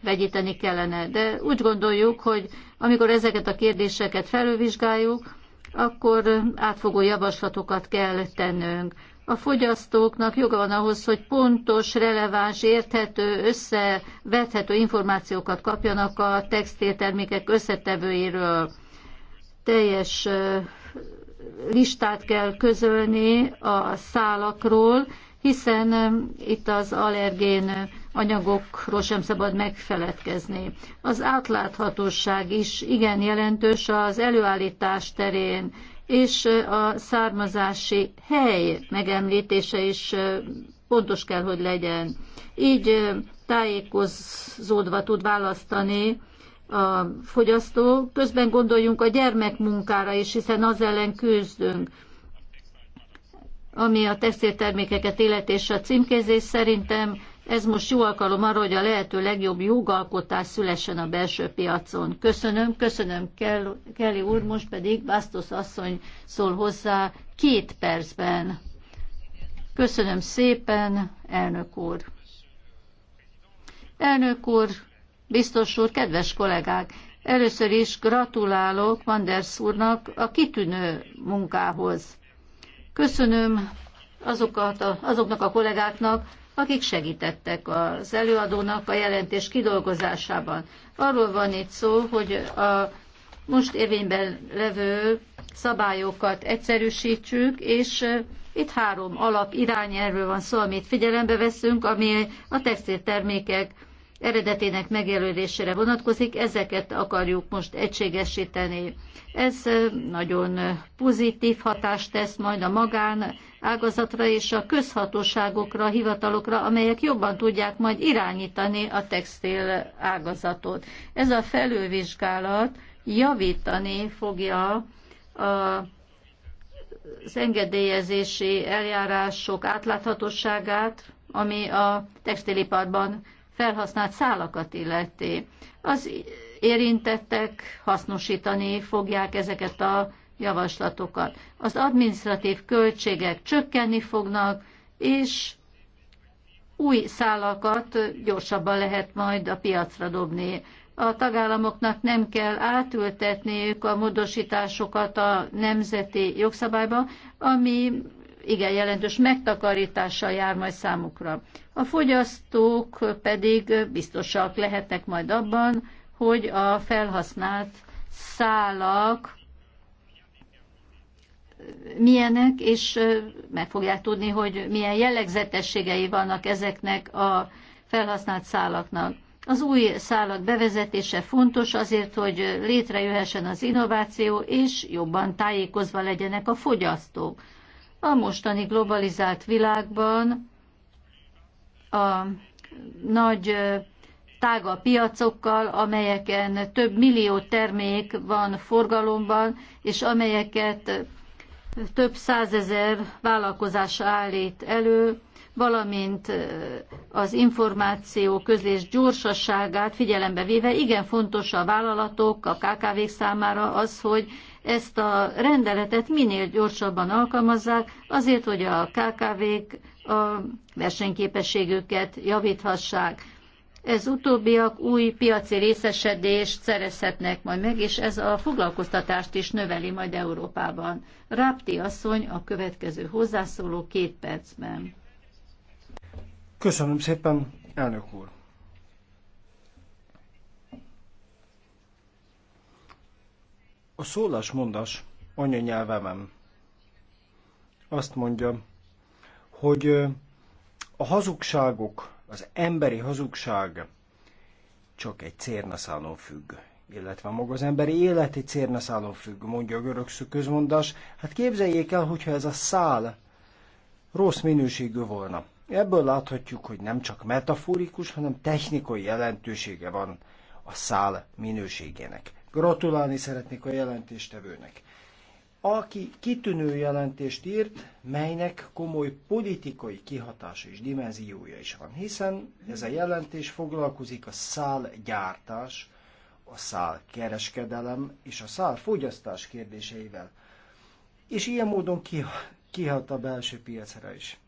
vegyíteni kellene. De úgy gondoljuk, hogy amikor ezeket a kérdéseket felülvizsgáljuk, akkor átfogó javaslatokat kell tennünk. A fogyasztóknak joga van ahhoz, hogy pontos, releváns, érthető, összevethető információkat kapjanak a textiltermékek összetevőiről. Teljes listát kell közölni a szálakról, hiszen itt az allergén anyagokról sem szabad megfeledkezni. Az átláthatóság is igen jelentős az előállítás terén, és a származási hely megemlítése is pontos kell, hogy legyen. Így tájékozódva tud választani a fogyasztó. Közben gondoljunk a gyermekmunkára is, hiszen az ellen küzdünk ami a textiltermékeket illeti és a címkézés szerintem ez most jó alkalom arra, hogy a lehető legjobb jogalkotás szülessen a belső piacon. Köszönöm, köszönöm Kelly úr, most pedig Bastos asszony szól hozzá két percben. Köszönöm szépen, elnök úr. Elnök úr, biztos úr, kedves kollégák! Először is gratulálok Manders úrnak a kitűnő munkához. Köszönöm azokat, azoknak a kollégáknak, akik segítettek az előadónak a jelentés kidolgozásában. Arról van itt szó, hogy a most érvényben levő szabályokat egyszerűsítsük, és itt három alap irányelvről van szó, amit figyelembe veszünk, ami a textiltermékek eredetének megjelölésére vonatkozik, ezeket akarjuk most egységesíteni. Ez nagyon pozitív hatást tesz majd a magán ágazatra és a közhatóságokra, a hivatalokra, amelyek jobban tudják majd irányítani a textil ágazatot. Ez a felülvizsgálat javítani fogja a az engedélyezési eljárások átláthatóságát, ami a textiliparban felhasznált szálakat illeti. Az érintettek hasznosítani fogják ezeket a javaslatokat. Az administratív költségek csökkenni fognak, és új szálakat gyorsabban lehet majd a piacra dobni. A tagállamoknak nem kell átültetniük a módosításokat a nemzeti jogszabályba, ami igen jelentős megtakarítással jár majd számukra. A fogyasztók pedig biztosak lehetnek majd abban, hogy a felhasznált szálak milyenek, és meg fogják tudni, hogy milyen jellegzetességei vannak ezeknek a felhasznált szálaknak. Az új szálak bevezetése fontos azért, hogy létrejöhessen az innováció, és jobban tájékozva legyenek a fogyasztók. A mostani globalizált világban a nagy tága piacokkal, amelyeken több millió termék van forgalomban, és amelyeket több százezer vállalkozás állít elő, valamint az információ közlés gyorsaságát figyelembe véve igen fontos a vállalatok, a kkv számára az, hogy ezt a rendeletet minél gyorsabban alkalmazzák, azért, hogy a KKV-k a versenyképességüket javíthassák. Ez utóbbiak új piaci részesedést szerezhetnek majd meg, és ez a foglalkoztatást is növeli majd Európában. Rápti asszony a következő hozzászóló két percben. Köszönöm szépen, elnök úr! A szólásmondás anyanyelvemen azt mondja, hogy a hazugságok, az emberi hazugság csak egy cérnaszálon függ, illetve maga az emberi élet egy cérnaszálon függ, mondja a görög közmondás. Hát képzeljék el, hogyha ez a szál rossz minőségű volna. Ebből láthatjuk, hogy nem csak metaforikus, hanem technikai jelentősége van a szál minőségének. Gratulálni szeretnék a jelentéstevőnek. Aki kitűnő jelentést írt, melynek komoly politikai kihatása és dimenziója is van, hiszen ez a jelentés foglalkozik a szálgyártás, a szálkereskedelem és a szálfogyasztás kérdéseivel, és ilyen módon kihat a belső piacra is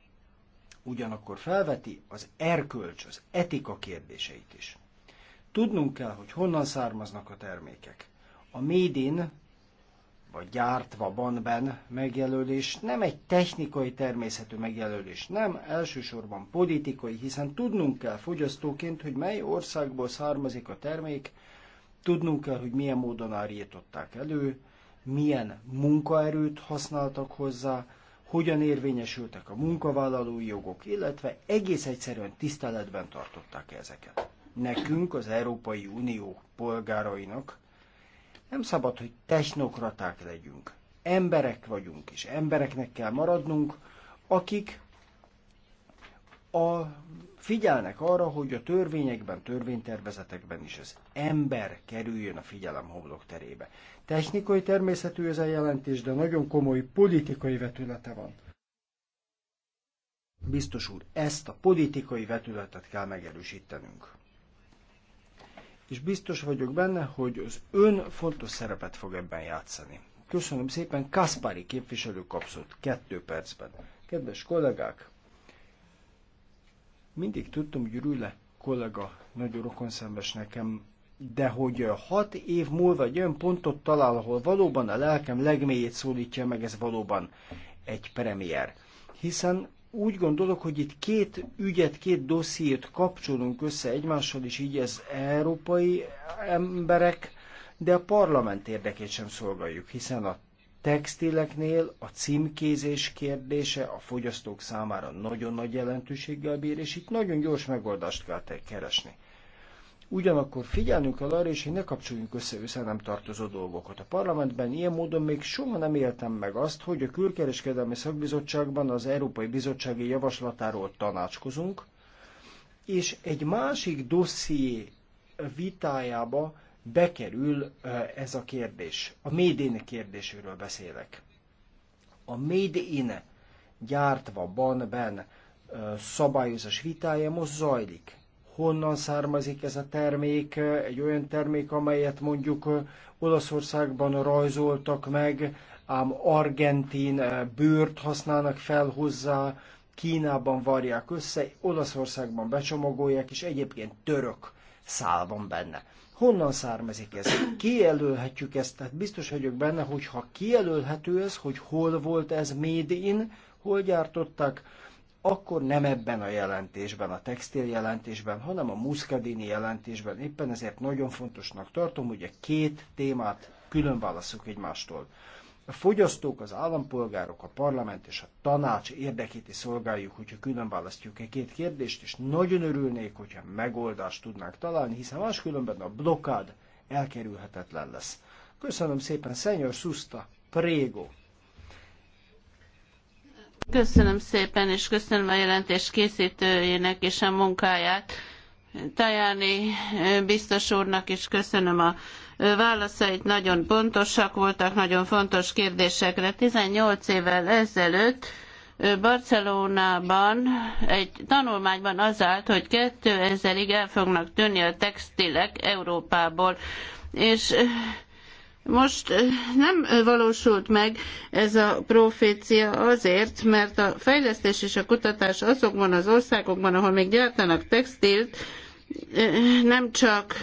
ugyanakkor felveti az erkölcs, az etika kérdéseit is. Tudnunk kell, hogy honnan származnak a termékek. A made in, vagy gyártva banben megjelölés nem egy technikai természetű megjelölés, nem elsősorban politikai, hiszen tudnunk kell fogyasztóként, hogy mely országból származik a termék, tudnunk kell, hogy milyen módon állították elő, milyen munkaerőt használtak hozzá, hogyan érvényesültek a munkavállalói jogok, illetve egész egyszerűen tiszteletben tartották -e ezeket nekünk, az Európai Unió polgárainak, nem szabad, hogy technokraták legyünk. Emberek vagyunk, és embereknek kell maradnunk, akik a, figyelnek arra, hogy a törvényekben, törvénytervezetekben is az ember kerüljön a figyelem homlok terébe. Technikai természetű ez a jelentés, de nagyon komoly politikai vetülete van. Biztos úr, ezt a politikai vetületet kell megerősítenünk és biztos vagyok benne, hogy az ön fontos szerepet fog ebben játszani. Köszönöm szépen, Kaspari képviselő kapszott kettő percben. Kedves kollégák, mindig tudtam, hogy Rüle kollega nagyon rokonszenves nekem, de hogy hat év múlva egy olyan pontot talál, ahol valóban a lelkem legmélyét szólítja meg, ez valóban egy premier. Hiszen úgy gondolok, hogy itt két ügyet, két dossziét kapcsolunk össze egymással, és így az európai emberek, de a parlament érdekét sem szolgáljuk, hiszen a textileknél a címkézés kérdése a fogyasztók számára nagyon nagy jelentőséggel bír, és itt nagyon gyors megoldást kell keresni. Ugyanakkor figyelnünk kell arra is, hogy ne kapcsoljunk össze össze nem tartozó dolgokat. A parlamentben ilyen módon még soha nem éltem meg azt, hogy a külkereskedelmi szakbizottságban az Európai Bizottsági Javaslatáról tanácskozunk, és egy másik dosszié vitájába bekerül eh, ez a kérdés. A Made in kérdéséről beszélek. A Made in gyártva, banben eh, szabályozás vitája most zajlik honnan származik ez a termék, egy olyan termék, amelyet mondjuk Olaszországban rajzoltak meg, ám argentin bőrt használnak fel hozzá, Kínában varják össze, Olaszországban becsomagolják, és egyébként török szál van benne. Honnan származik ez? Kijelölhetjük ezt, tehát biztos vagyok benne, hogy ha kijelölhető ez, hogy hol volt ez made in, hol gyártották, akkor nem ebben a jelentésben, a textil jelentésben, hanem a muszkadini jelentésben. Éppen ezért nagyon fontosnak tartom, hogy a két témát külön válaszok egymástól. A fogyasztók, az állampolgárok, a parlament és a tanács érdekét is szolgáljuk, hogyha külön választjuk e két kérdést, és nagyon örülnék, hogyha megoldást tudnánk találni, hiszen máskülönben a blokád elkerülhetetlen lesz. Köszönöm szépen, Szenyor Szuszta, Prégo! Köszönöm szépen, és köszönöm a jelentés készítőjének és a munkáját. Tajáni biztos úrnak is köszönöm a válaszait, nagyon pontosak voltak, nagyon fontos kérdésekre. 18 évvel ezelőtt Barcelonában egy tanulmányban az állt, hogy 2000-ig el fognak tűnni a textilek Európából, és most eh, nem eh, valósult meg ez a profécia azért, mert a fejlesztés és a kutatás azokban az országokban, ahol még gyártanak textilt, eh, nem csak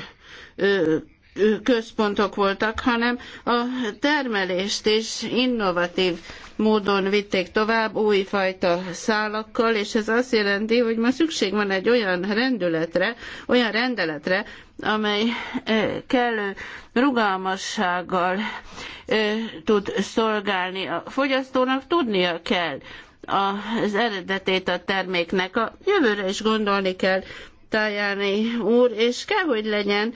központok voltak, hanem a termelést is innovatív módon vitték tovább újfajta szálakkal, és ez azt jelenti, hogy ma szükség van egy olyan rendületre, olyan rendeletre, amely kellő rugalmassággal tud szolgálni. A fogyasztónak tudnia kell az eredetét a terméknek. A jövőre is gondolni kell, Tajani úr, és kell, hogy legyen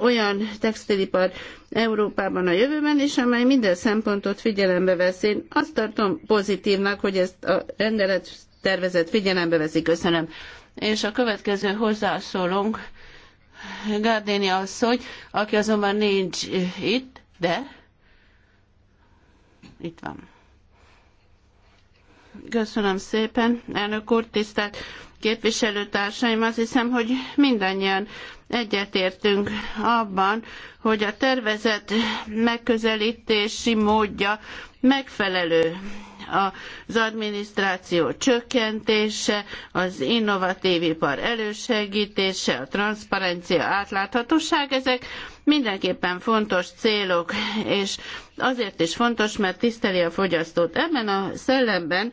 olyan textilipar Európában a jövőben is, amely minden szempontot figyelembe vesz. Én azt tartom pozitívnak, hogy ezt a rendelet tervezet figyelembe veszi. Köszönöm. És a következő hozzászólónk Gárdéni asszony, aki azonban nincs itt, de itt van. Köszönöm szépen, elnök úr, tisztelt képviselőtársaim. Azt hiszem, hogy mindannyian egyetértünk abban, hogy a tervezett megközelítési módja megfelelő az adminisztráció csökkentése, az innovatív ipar elősegítése, a transzparencia, átláthatóság, ezek mindenképpen fontos célok, és azért is fontos, mert tiszteli a fogyasztót. Ebben a szellemben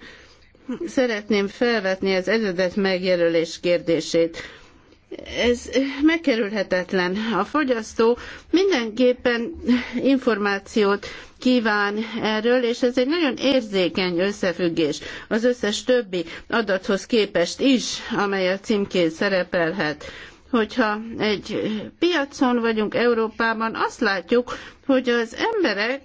szeretném felvetni az eredet megjelölés kérdését ez megkerülhetetlen. A fogyasztó mindenképpen információt kíván erről, és ez egy nagyon érzékeny összefüggés az összes többi adathoz képest is, amely a címkén szerepelhet hogyha egy piacon vagyunk Európában, azt látjuk, hogy az emberek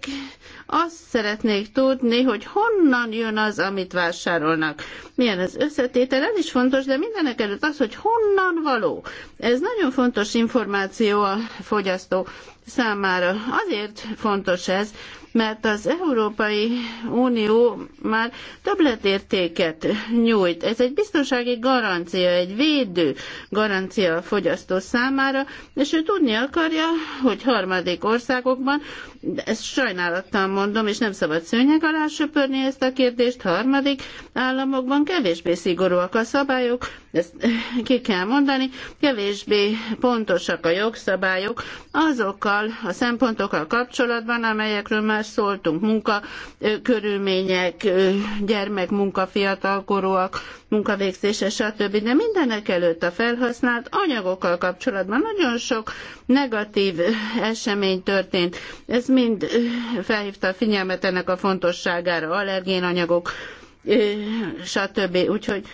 azt szeretnék tudni, hogy honnan jön az, amit vásárolnak. Milyen az összetétel, ez is fontos, de mindenek előtt az, hogy honnan való. Ez nagyon fontos információ a fogyasztó számára. Azért fontos ez, mert az Európai Unió már többletértéket nyújt. Ez egy biztonsági garancia, egy védő garancia a fogyasztó számára, és ő tudni akarja, hogy harmadik országokban de ezt sajnálattal mondom, és nem szabad szőnyeg alá söpörni ezt a kérdést. Harmadik államokban kevésbé szigorúak a szabályok, ezt ki kell mondani, kevésbé pontosak a jogszabályok azokkal a szempontokkal kapcsolatban, amelyekről már szóltunk, munka, körülmények, gyermek, munka, fiatalkorúak, munkavégzése, stb. De mindenek előtt a felhasznált anyagokkal kapcsolatban nagyon sok negatív esemény történt. Ez ez mind felhívta a figyelmet ennek a fontosságára, allergénanyagok, stb. Úgyhogy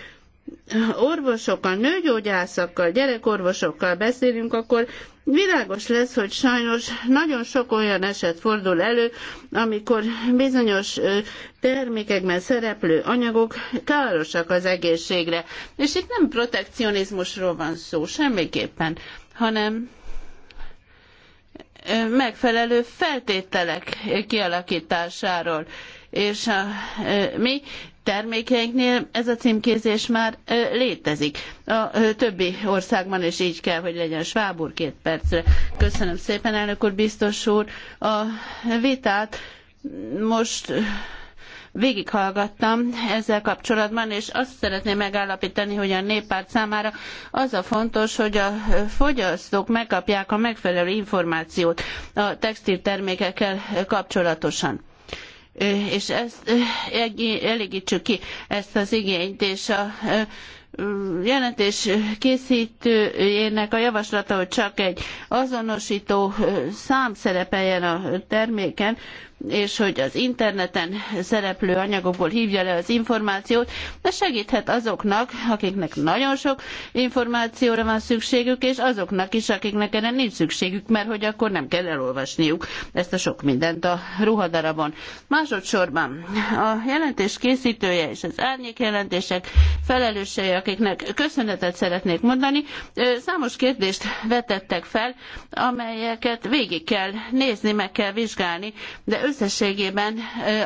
orvosokkal, nőgyógyászakkal, gyerekorvosokkal beszélünk, akkor világos lesz, hogy sajnos nagyon sok olyan eset fordul elő, amikor bizonyos termékekben szereplő anyagok károsak az egészségre. És itt nem protekcionizmusról van szó semmiképpen, hanem megfelelő feltételek kialakításáról. És a mi termékeinknél ez a címkézés már létezik. A többi országban is így kell, hogy legyen. úr két percre. Köszönöm szépen, elnök úr, biztos úr. A vitát most végighallgattam ezzel kapcsolatban, és azt szeretném megállapítani, hogy a néppárt számára az a fontos, hogy a fogyasztók megkapják a megfelelő információt a textiltermékekkel kapcsolatosan és ezt elégítsük ki ezt az igényt, és a jelentés készítőjének a javaslata, hogy csak egy azonosító szám szerepeljen a terméken, és hogy az interneten szereplő anyagokból hívja le az információt, de segíthet azoknak, akiknek nagyon sok információra van szükségük, és azoknak is, akiknek erre nincs szükségük, mert hogy akkor nem kell elolvasniuk ezt a sok mindent a ruhadarabon. Másodszorban a jelentés készítője és az árnyék jelentések felelősei, akiknek köszönetet szeretnék mondani, számos kérdést vetettek fel, amelyeket végig kell nézni, meg kell vizsgálni, de összességében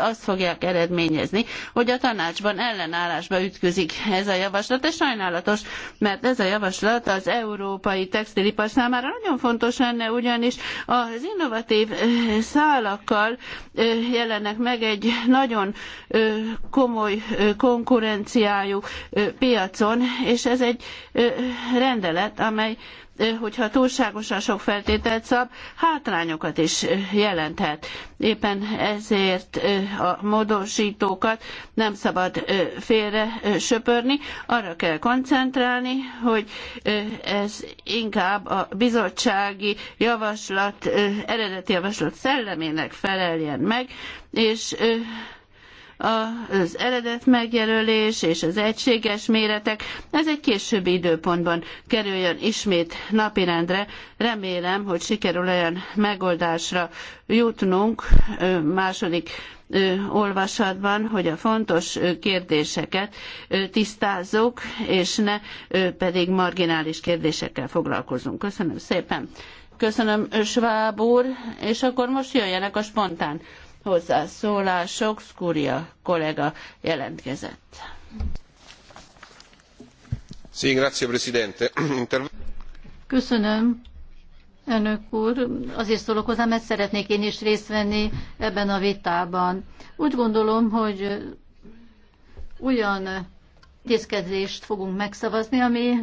azt fogják eredményezni, hogy a tanácsban ellenállásba ütközik ez a javaslat, és sajnálatos, mert ez a javaslat az európai textilipar számára nagyon fontos lenne, ugyanis az innovatív szálakkal jelennek meg egy nagyon komoly konkurenciájú piacon, és ez egy rendelet, amely hogyha túlságosan sok feltételt szab, hátrányokat is jelenthet. Éppen ezért a módosítókat nem szabad félre söpörni, arra kell koncentrálni, hogy ez inkább a bizottsági javaslat, eredeti javaslat szellemének feleljen meg, és az eredet megjelölés és az egységes méretek, ez egy későbbi időpontban kerüljön ismét napirendre. Remélem, hogy sikerül olyan megoldásra jutnunk második olvasatban, hogy a fontos kérdéseket tisztázzuk, és ne pedig marginális kérdésekkel foglalkozunk. Köszönöm szépen. Köszönöm, Schwab úr, és akkor most jöjjenek a spontán hozzászólások. Skúria kollega jelentkezett. Köszönöm. Elnök úr, azért szólok hozzá, mert szeretnék én is részt venni ebben a vitában. Úgy gondolom, hogy olyan intézkedést fogunk megszavazni, ami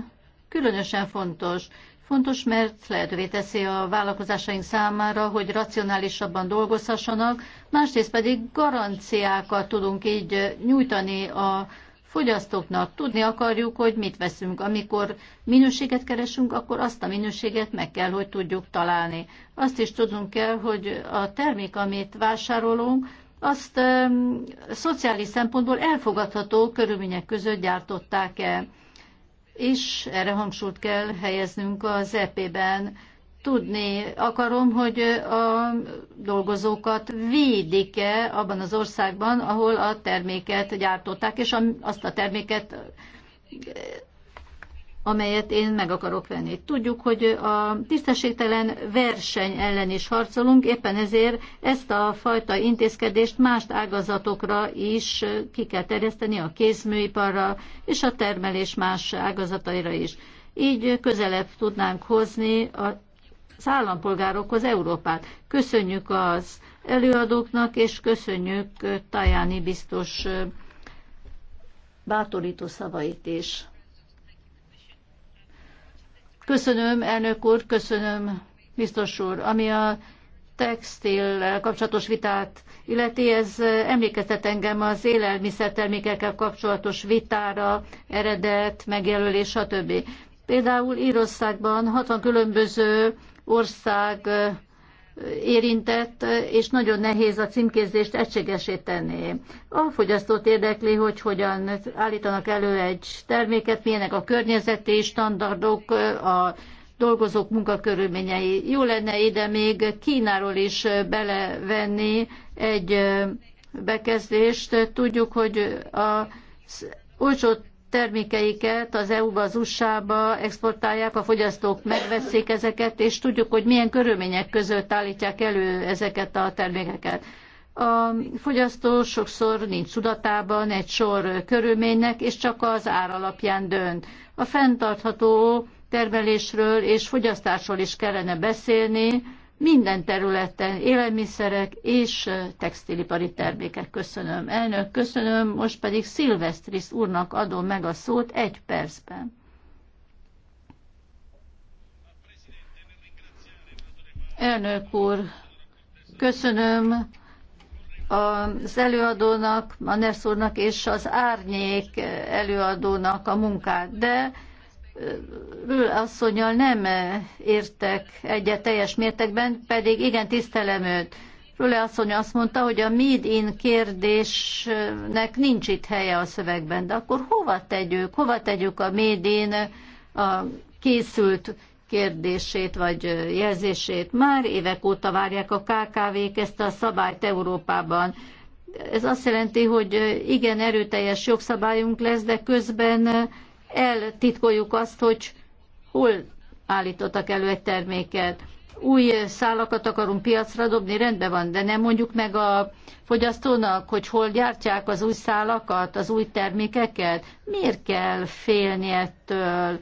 különösen fontos. Fontos, mert lehetővé teszi a vállalkozásaink számára, hogy racionálisabban dolgozhassanak, másrészt pedig garanciákat tudunk így nyújtani a fogyasztóknak. Tudni akarjuk, hogy mit veszünk. Amikor minőséget keresünk, akkor azt a minőséget meg kell, hogy tudjuk találni. Azt is tudnunk kell, hogy a termék, amit vásárolunk, azt um, szociális szempontból elfogadható körülmények között gyártották el és erre hangsúlyt kell helyeznünk az EP-ben. Tudni akarom, hogy a dolgozókat védik-e abban az országban, ahol a terméket gyártották, és azt a terméket amelyet én meg akarok venni. Tudjuk, hogy a tisztességtelen verseny ellen is harcolunk, éppen ezért ezt a fajta intézkedést más ágazatokra is ki kell terjeszteni, a kézműiparra és a termelés más ágazataira is. Így közelebb tudnánk hozni a az állampolgárokhoz Európát. Köszönjük az előadóknak, és köszönjük Tajáni biztos bátorító szavait is. Köszönöm, elnök úr, köszönöm, biztos úr. Ami a textil kapcsolatos vitát illeti, ez emlékeztet engem az élelmiszertermékekkel kapcsolatos vitára, eredet, megjelölés, stb. Például Írországban 60 különböző ország érintett, és nagyon nehéz a címkézést egységesé tenni. A fogyasztót érdekli, hogy hogyan állítanak elő egy terméket, milyenek a környezeti standardok, a dolgozók munkakörülményei. Jó lenne ide még Kínáról is belevenni egy bekezdést. Tudjuk, hogy a olcsó termékeiket az EU-ba, az USA-ba exportálják, a fogyasztók megveszik ezeket, és tudjuk, hogy milyen körülmények között állítják elő ezeket a termékeket. A fogyasztó sokszor nincs tudatában egy sor körülménynek, és csak az ár alapján dönt. A fenntartható termelésről és fogyasztásról is kellene beszélni, minden területen, élelmiszerek és textilipari termékek. Köszönöm, elnök, köszönöm, most pedig Szilvesztris úrnak adom meg a szót egy percben. Elnök úr, köszönöm az előadónak, a úrnak és az árnyék előadónak a munkát, de asszonyal nem értek egyet teljes mértékben, pedig igen tisztelem őt. Rüle asszony azt mondta, hogy a mid in kérdésnek nincs itt helye a szövegben, de akkor hova tegyük? Hova tegyük a mid in a készült kérdését vagy jelzését? Már évek óta várják a KKV-k ezt a szabályt Európában. Ez azt jelenti, hogy igen erőteljes jogszabályunk lesz, de közben eltitkoljuk azt, hogy hol állítottak elő egy terméket. Új szálakat akarunk piacra dobni, rendben van, de nem mondjuk meg a fogyasztónak, hogy hol gyártják az új szálakat, az új termékeket. Miért kell félni ettől?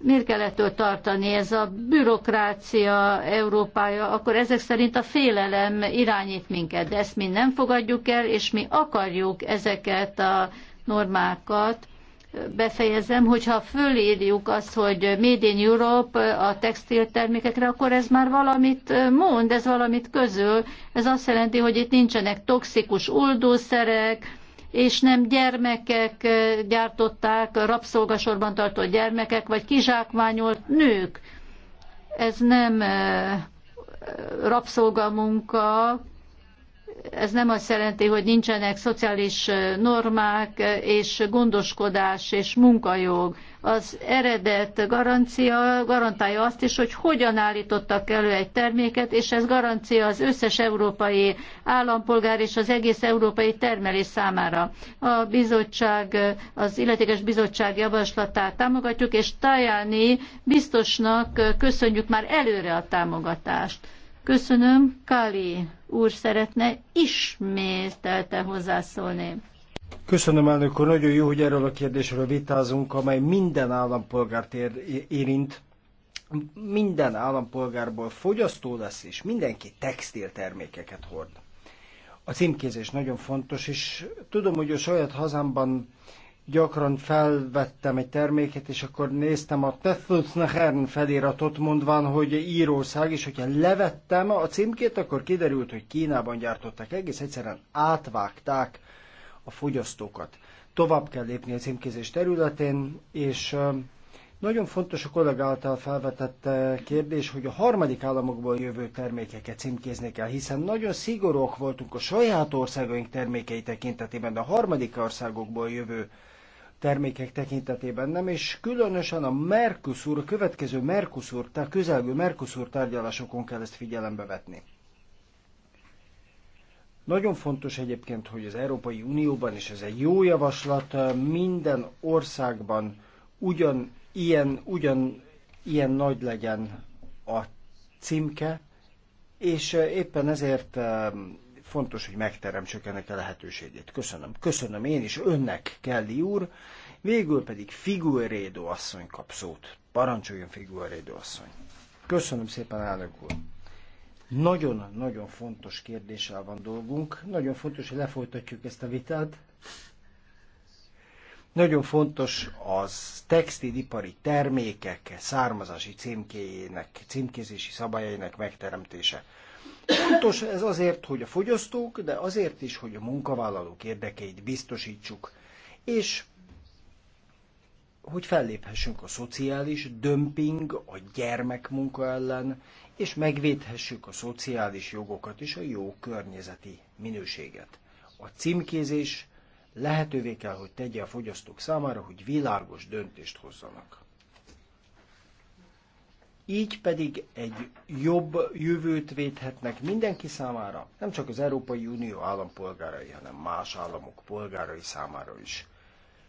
miért kell ettől tartani? Ez a bürokrácia Európája, akkor ezek szerint a félelem irányít minket, de ezt mi nem fogadjuk el, és mi akarjuk ezeket a normákat befejezem, hogyha fölírjuk azt, hogy Made in Europe a textiltermékekre, akkor ez már valamit mond, ez valamit közül. Ez azt jelenti, hogy itt nincsenek toxikus oldószerek, és nem gyermekek gyártották, rabszolgasorban tartott gyermekek, vagy kizsákmányolt nők. Ez nem eh, rabszolgamunka, ez nem azt jelenti, hogy nincsenek szociális normák és gondoskodás és munkajog. Az eredet garancia garantálja azt is, hogy hogyan állítottak elő egy terméket, és ez garancia az összes európai állampolgár és az egész európai termelés számára. A bizottság, az illetékes bizottság javaslatát támogatjuk, és Tajani biztosnak köszönjük már előre a támogatást. Köszönöm, Kali úr szeretne ismételte hozzászólni. Köszönöm, elnök úr. Nagyon jó, hogy erről a kérdésről vitázunk, amely minden állampolgárt ér- érint. Minden állampolgárból fogyasztó lesz, és mindenki textil termékeket hord. A címkézés nagyon fontos, és tudom, hogy a saját hazámban gyakran felvettem egy terméket, és akkor néztem a Teflutzneherrn feliratot, mondván, hogy írószág és hogyha levettem a címkét, akkor kiderült, hogy Kínában gyártották. Egész egyszerűen átvágták a fogyasztókat. Tovább kell lépni a címkézés területén, és nagyon fontos a kollega által felvetett kérdés, hogy a harmadik államokból jövő termékeket címkézni kell, hiszen nagyon szigorúak voltunk a saját országaink termékei tekintetében, de a harmadik országokból jövő termékek tekintetében nem, és különösen a Mercosur, a következő Mercosur, tehát közelgő Mercosur tárgyalásokon kell ezt figyelembe vetni. Nagyon fontos egyébként, hogy az Európai Unióban, és ez egy jó javaslat, minden országban ugyan ilyen, ugyan ilyen nagy legyen a címke, és éppen ezért fontos, hogy megteremtsük ennek a lehetőségét. Köszönöm. Köszönöm én is önnek, Kelly úr. Végül pedig Figuerédo asszony kap szót. Parancsoljon Figuerédo asszony. Köszönöm szépen, elnök úr. Nagyon-nagyon fontos kérdéssel van dolgunk. Nagyon fontos, hogy lefolytatjuk ezt a vitát. Nagyon fontos az textilipari termékek származási címkéjének, címkézési szabályainak megteremtése. Fontos ez azért, hogy a fogyasztók, de azért is, hogy a munkavállalók érdekeit biztosítsuk, és hogy felléphessünk a szociális dömping, a gyermekmunka ellen, és megvédhessük a szociális jogokat és a jó környezeti minőséget. A címkézés lehetővé kell, hogy tegye a fogyasztók számára, hogy világos döntést hozzanak így pedig egy jobb jövőt védhetnek mindenki számára, nem csak az Európai Unió állampolgárai, hanem más államok polgárai számára is.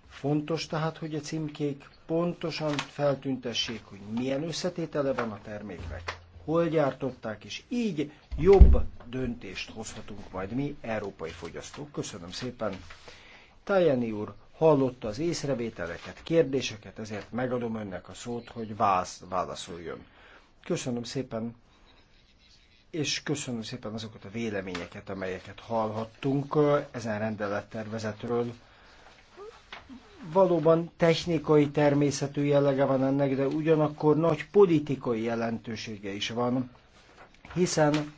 Fontos tehát, hogy a címkék pontosan feltüntessék, hogy milyen összetétele van a terméknek, hol gyártották, és így jobb döntést hozhatunk majd mi, európai fogyasztók. Köszönöm szépen! Tajani úr, hallotta az észrevételeket, kérdéseket, ezért megadom önnek a szót, hogy válasz, válaszoljon. Köszönöm szépen, és köszönöm szépen azokat a véleményeket, amelyeket hallhattunk ezen rendelettervezetről. Valóban technikai természetű jellege van ennek, de ugyanakkor nagy politikai jelentősége is van, hiszen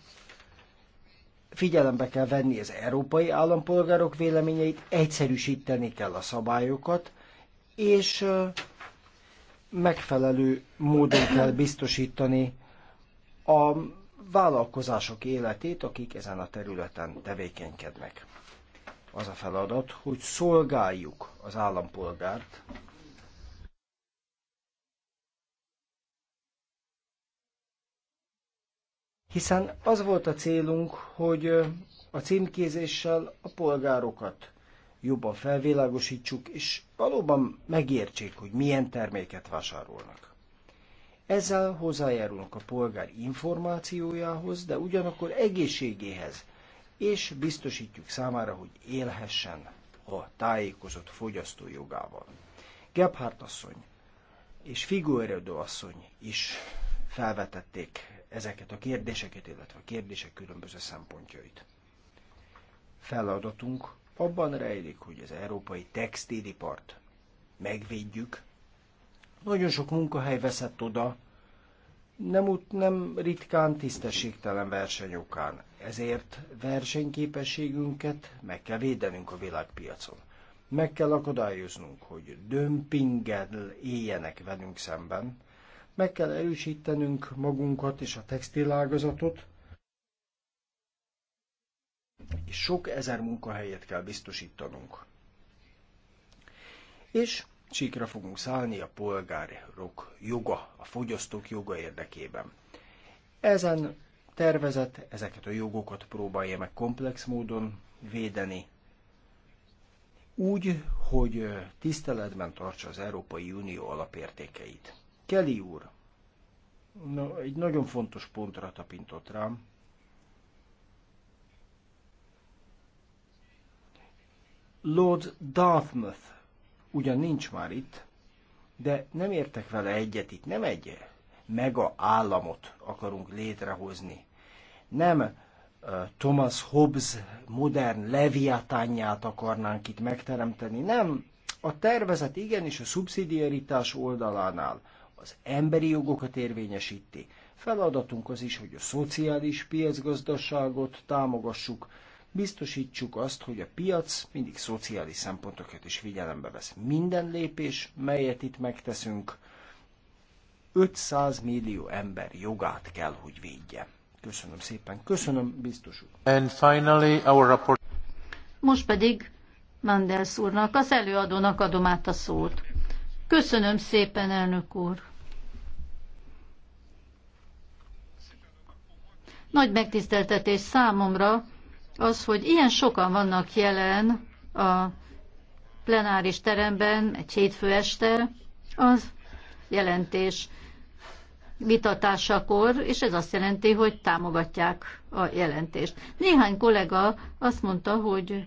figyelembe kell venni az európai állampolgárok véleményeit, egyszerűsíteni kell a szabályokat, és megfelelő módon kell biztosítani a vállalkozások életét, akik ezen a területen tevékenykednek. Az a feladat, hogy szolgáljuk az állampolgárt, hiszen az volt a célunk, hogy a címkézéssel a polgárokat jobban felvilágosítsuk, és valóban megértsék, hogy milyen terméket vásárolnak. Ezzel hozzájárulunk a polgár információjához, de ugyanakkor egészségéhez, és biztosítjuk számára, hogy élhessen a tájékozott fogyasztó jogával. Gebhardt asszony és Figueredo asszony is felvetették ezeket a kérdéseket, illetve a kérdések különböző szempontjait. Feladatunk abban rejlik, hogy az európai textilipart megvédjük. Nagyon sok munkahely veszett oda, nem, ut- nem ritkán tisztességtelen versenyokán. Ezért versenyképességünket meg kell védenünk a világpiacon. Meg kell akadályoznunk, hogy dömpinggel éljenek velünk szemben, meg kell erősítenünk magunkat és a textilágazatot, és sok ezer munkahelyet kell biztosítanunk. És csíkra fogunk szállni a polgárok joga, a fogyasztók joga érdekében. Ezen tervezet ezeket a jogokat próbálja meg komplex módon védeni, úgy, hogy tiszteletben tartsa az Európai Unió alapértékeit. Kelly úr, na, egy nagyon fontos pontra tapintott rám. Lord Dartmouth ugyan nincs már itt, de nem értek vele egyet itt, nem egy mega államot akarunk létrehozni. Nem Thomas Hobbes modern leviatánját akarnánk itt megteremteni, nem. A tervezet igenis a szubszidiaritás oldalánál, az emberi jogokat érvényesíti. Feladatunk az is, hogy a szociális piacgazdaságot támogassuk, biztosítsuk azt, hogy a piac mindig szociális szempontokat is figyelembe vesz. Minden lépés, melyet itt megteszünk, 500 millió ember jogát kell, hogy védje. Köszönöm szépen. Köszönöm, biztos úr. And finally our report... Most pedig Mandels úrnak, az előadónak adom át a szót. Köszönöm szépen, elnök úr. Nagy megtiszteltetés számomra az, hogy ilyen sokan vannak jelen a plenáris teremben egy hétfő este, az jelentés vitatásakor, és ez azt jelenti, hogy támogatják a jelentést. Néhány kollega azt mondta, hogy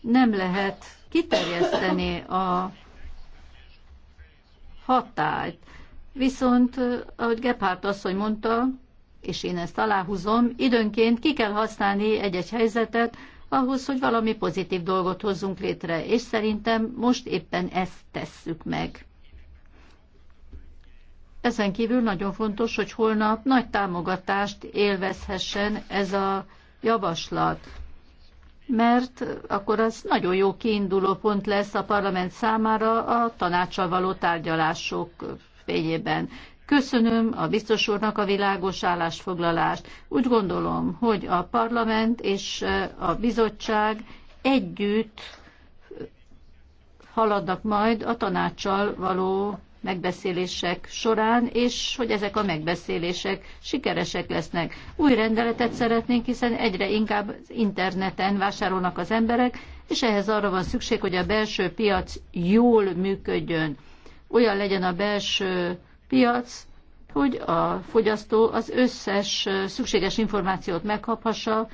nem lehet kiterjeszteni a hatályt. Viszont, ahogy Gephardt azt hogy mondta, és én ezt aláhúzom, időnként ki kell használni egy-egy helyzetet ahhoz, hogy valami pozitív dolgot hozzunk létre, és szerintem most éppen ezt tesszük meg. Ezen kívül nagyon fontos, hogy holnap nagy támogatást élvezhessen ez a javaslat, mert akkor az nagyon jó kiinduló pont lesz a parlament számára a tanácsal való tárgyalások fényében. Köszönöm a biztos úrnak a világos állásfoglalást. Úgy gondolom, hogy a parlament és eh, a bizottság együtt eh, haladnak majd a tanácssal való megbeszélések során, és hogy ezek a megbeszélések sikeresek lesznek. Új rendeletet szeretnénk, hiszen egyre inkább az interneten vásárolnak az emberek, és ehhez arra van szükség, hogy a belső piac jól működjön. Olyan legyen a belső piac, hogy a fogyasztó az összes szükséges információt megkaphassa,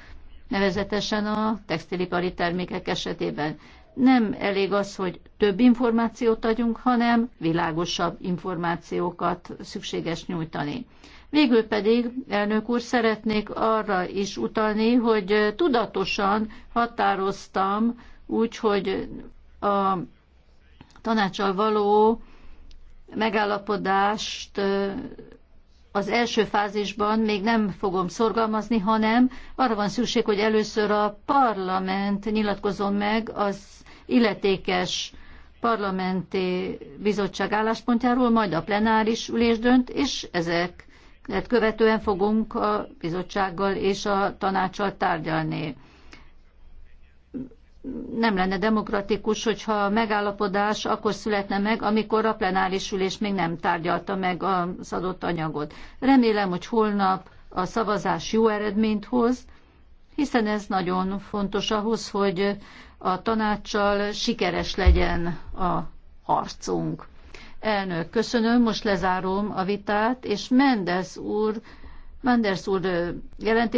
nevezetesen a textilipari termékek esetében. Nem elég az, hogy több információt adjunk, hanem világosabb információkat szükséges nyújtani. Végül pedig, elnök úr, szeretnék arra is utalni, hogy tudatosan határoztam úgy, hogy a tanácsal való megállapodást az első fázisban még nem fogom szorgalmazni, hanem arra van szükség, hogy először a parlament nyilatkozon meg az illetékes parlamenti bizottság álláspontjáról, majd a plenáris ülés dönt, és ezek követően fogunk a bizottsággal és a tanácssal tárgyalni nem lenne demokratikus, hogyha a megállapodás akkor születne meg, amikor a plenáris ülés még nem tárgyalta meg az adott anyagot. Remélem, hogy holnap a szavazás jó eredményt hoz, hiszen ez nagyon fontos ahhoz, hogy a tanácssal sikeres legyen a harcunk. Elnök, köszönöm, most lezárom a vitát, és Mendes úr, Mendes úr jelentés